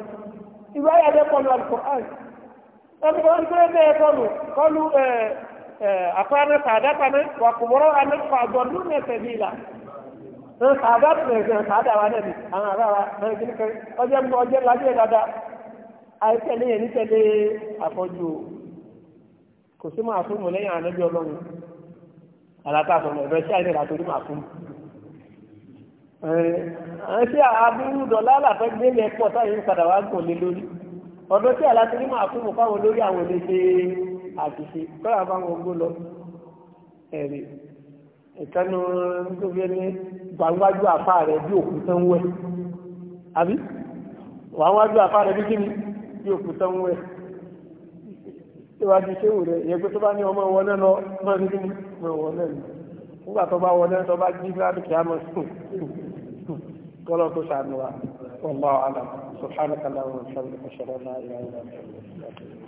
ìwé ayé ẹ̀dẹ́ kọlu alukọ̀án ẹni wọn gbé ẹgbẹ́ kọlu kọlu àpárẹ sàdápanẹ wà kùmọ́rọ́ anẹ́fà gbọ́dún ní ẹsẹ̀ bíi la sàdá tẹ̀sán sàdá wa dẹ̀bi àwọn ará wa náà kí ni kẹ́ ọjọ́ mi ọjọ́ lajú ẹ̀ dada ayé tẹ̀lé yẹn ní tẹ̀lé àfọ́jú kò sí máa fún mọ̀ lẹ́yìn àná bí ọlọ́run àlàtà sọ̀rọ̀ ẹ̀bẹ̀ sí àyè ẹ̀ ṣé abirú dọ̀lá làfẹ́ gbé yẹn pọ̀ táyé ń padà wá gùn lé lórí ọ̀dọ́ tí aláṣẹ́rí máa kú mọ̀ fáwọn olórí àwọn olóṣè àṣìṣe kọ́ra fáwọn ogbó lọ ẹ̀rì ìkànnì tó fi ẹni gbàgbájú àfá rẹ̀ bí òkúta ń wẹ̀ àbí wà wájú àfá rẹ̀ bí kíni bí òkúta ń wẹ̀ síwájú ṣéwù rẹ̀ yẹ pé tó bá ní ọmọ wọn náà lọ ní kíni ọmọ wọn náà nígbà tó bá wọn tó bá jí fúlàbì kìá mọ̀ sùn قالوا كل سعد والله أعلم سبحانك اللهم وبحمدك أشهد أن لا إله إلا أنت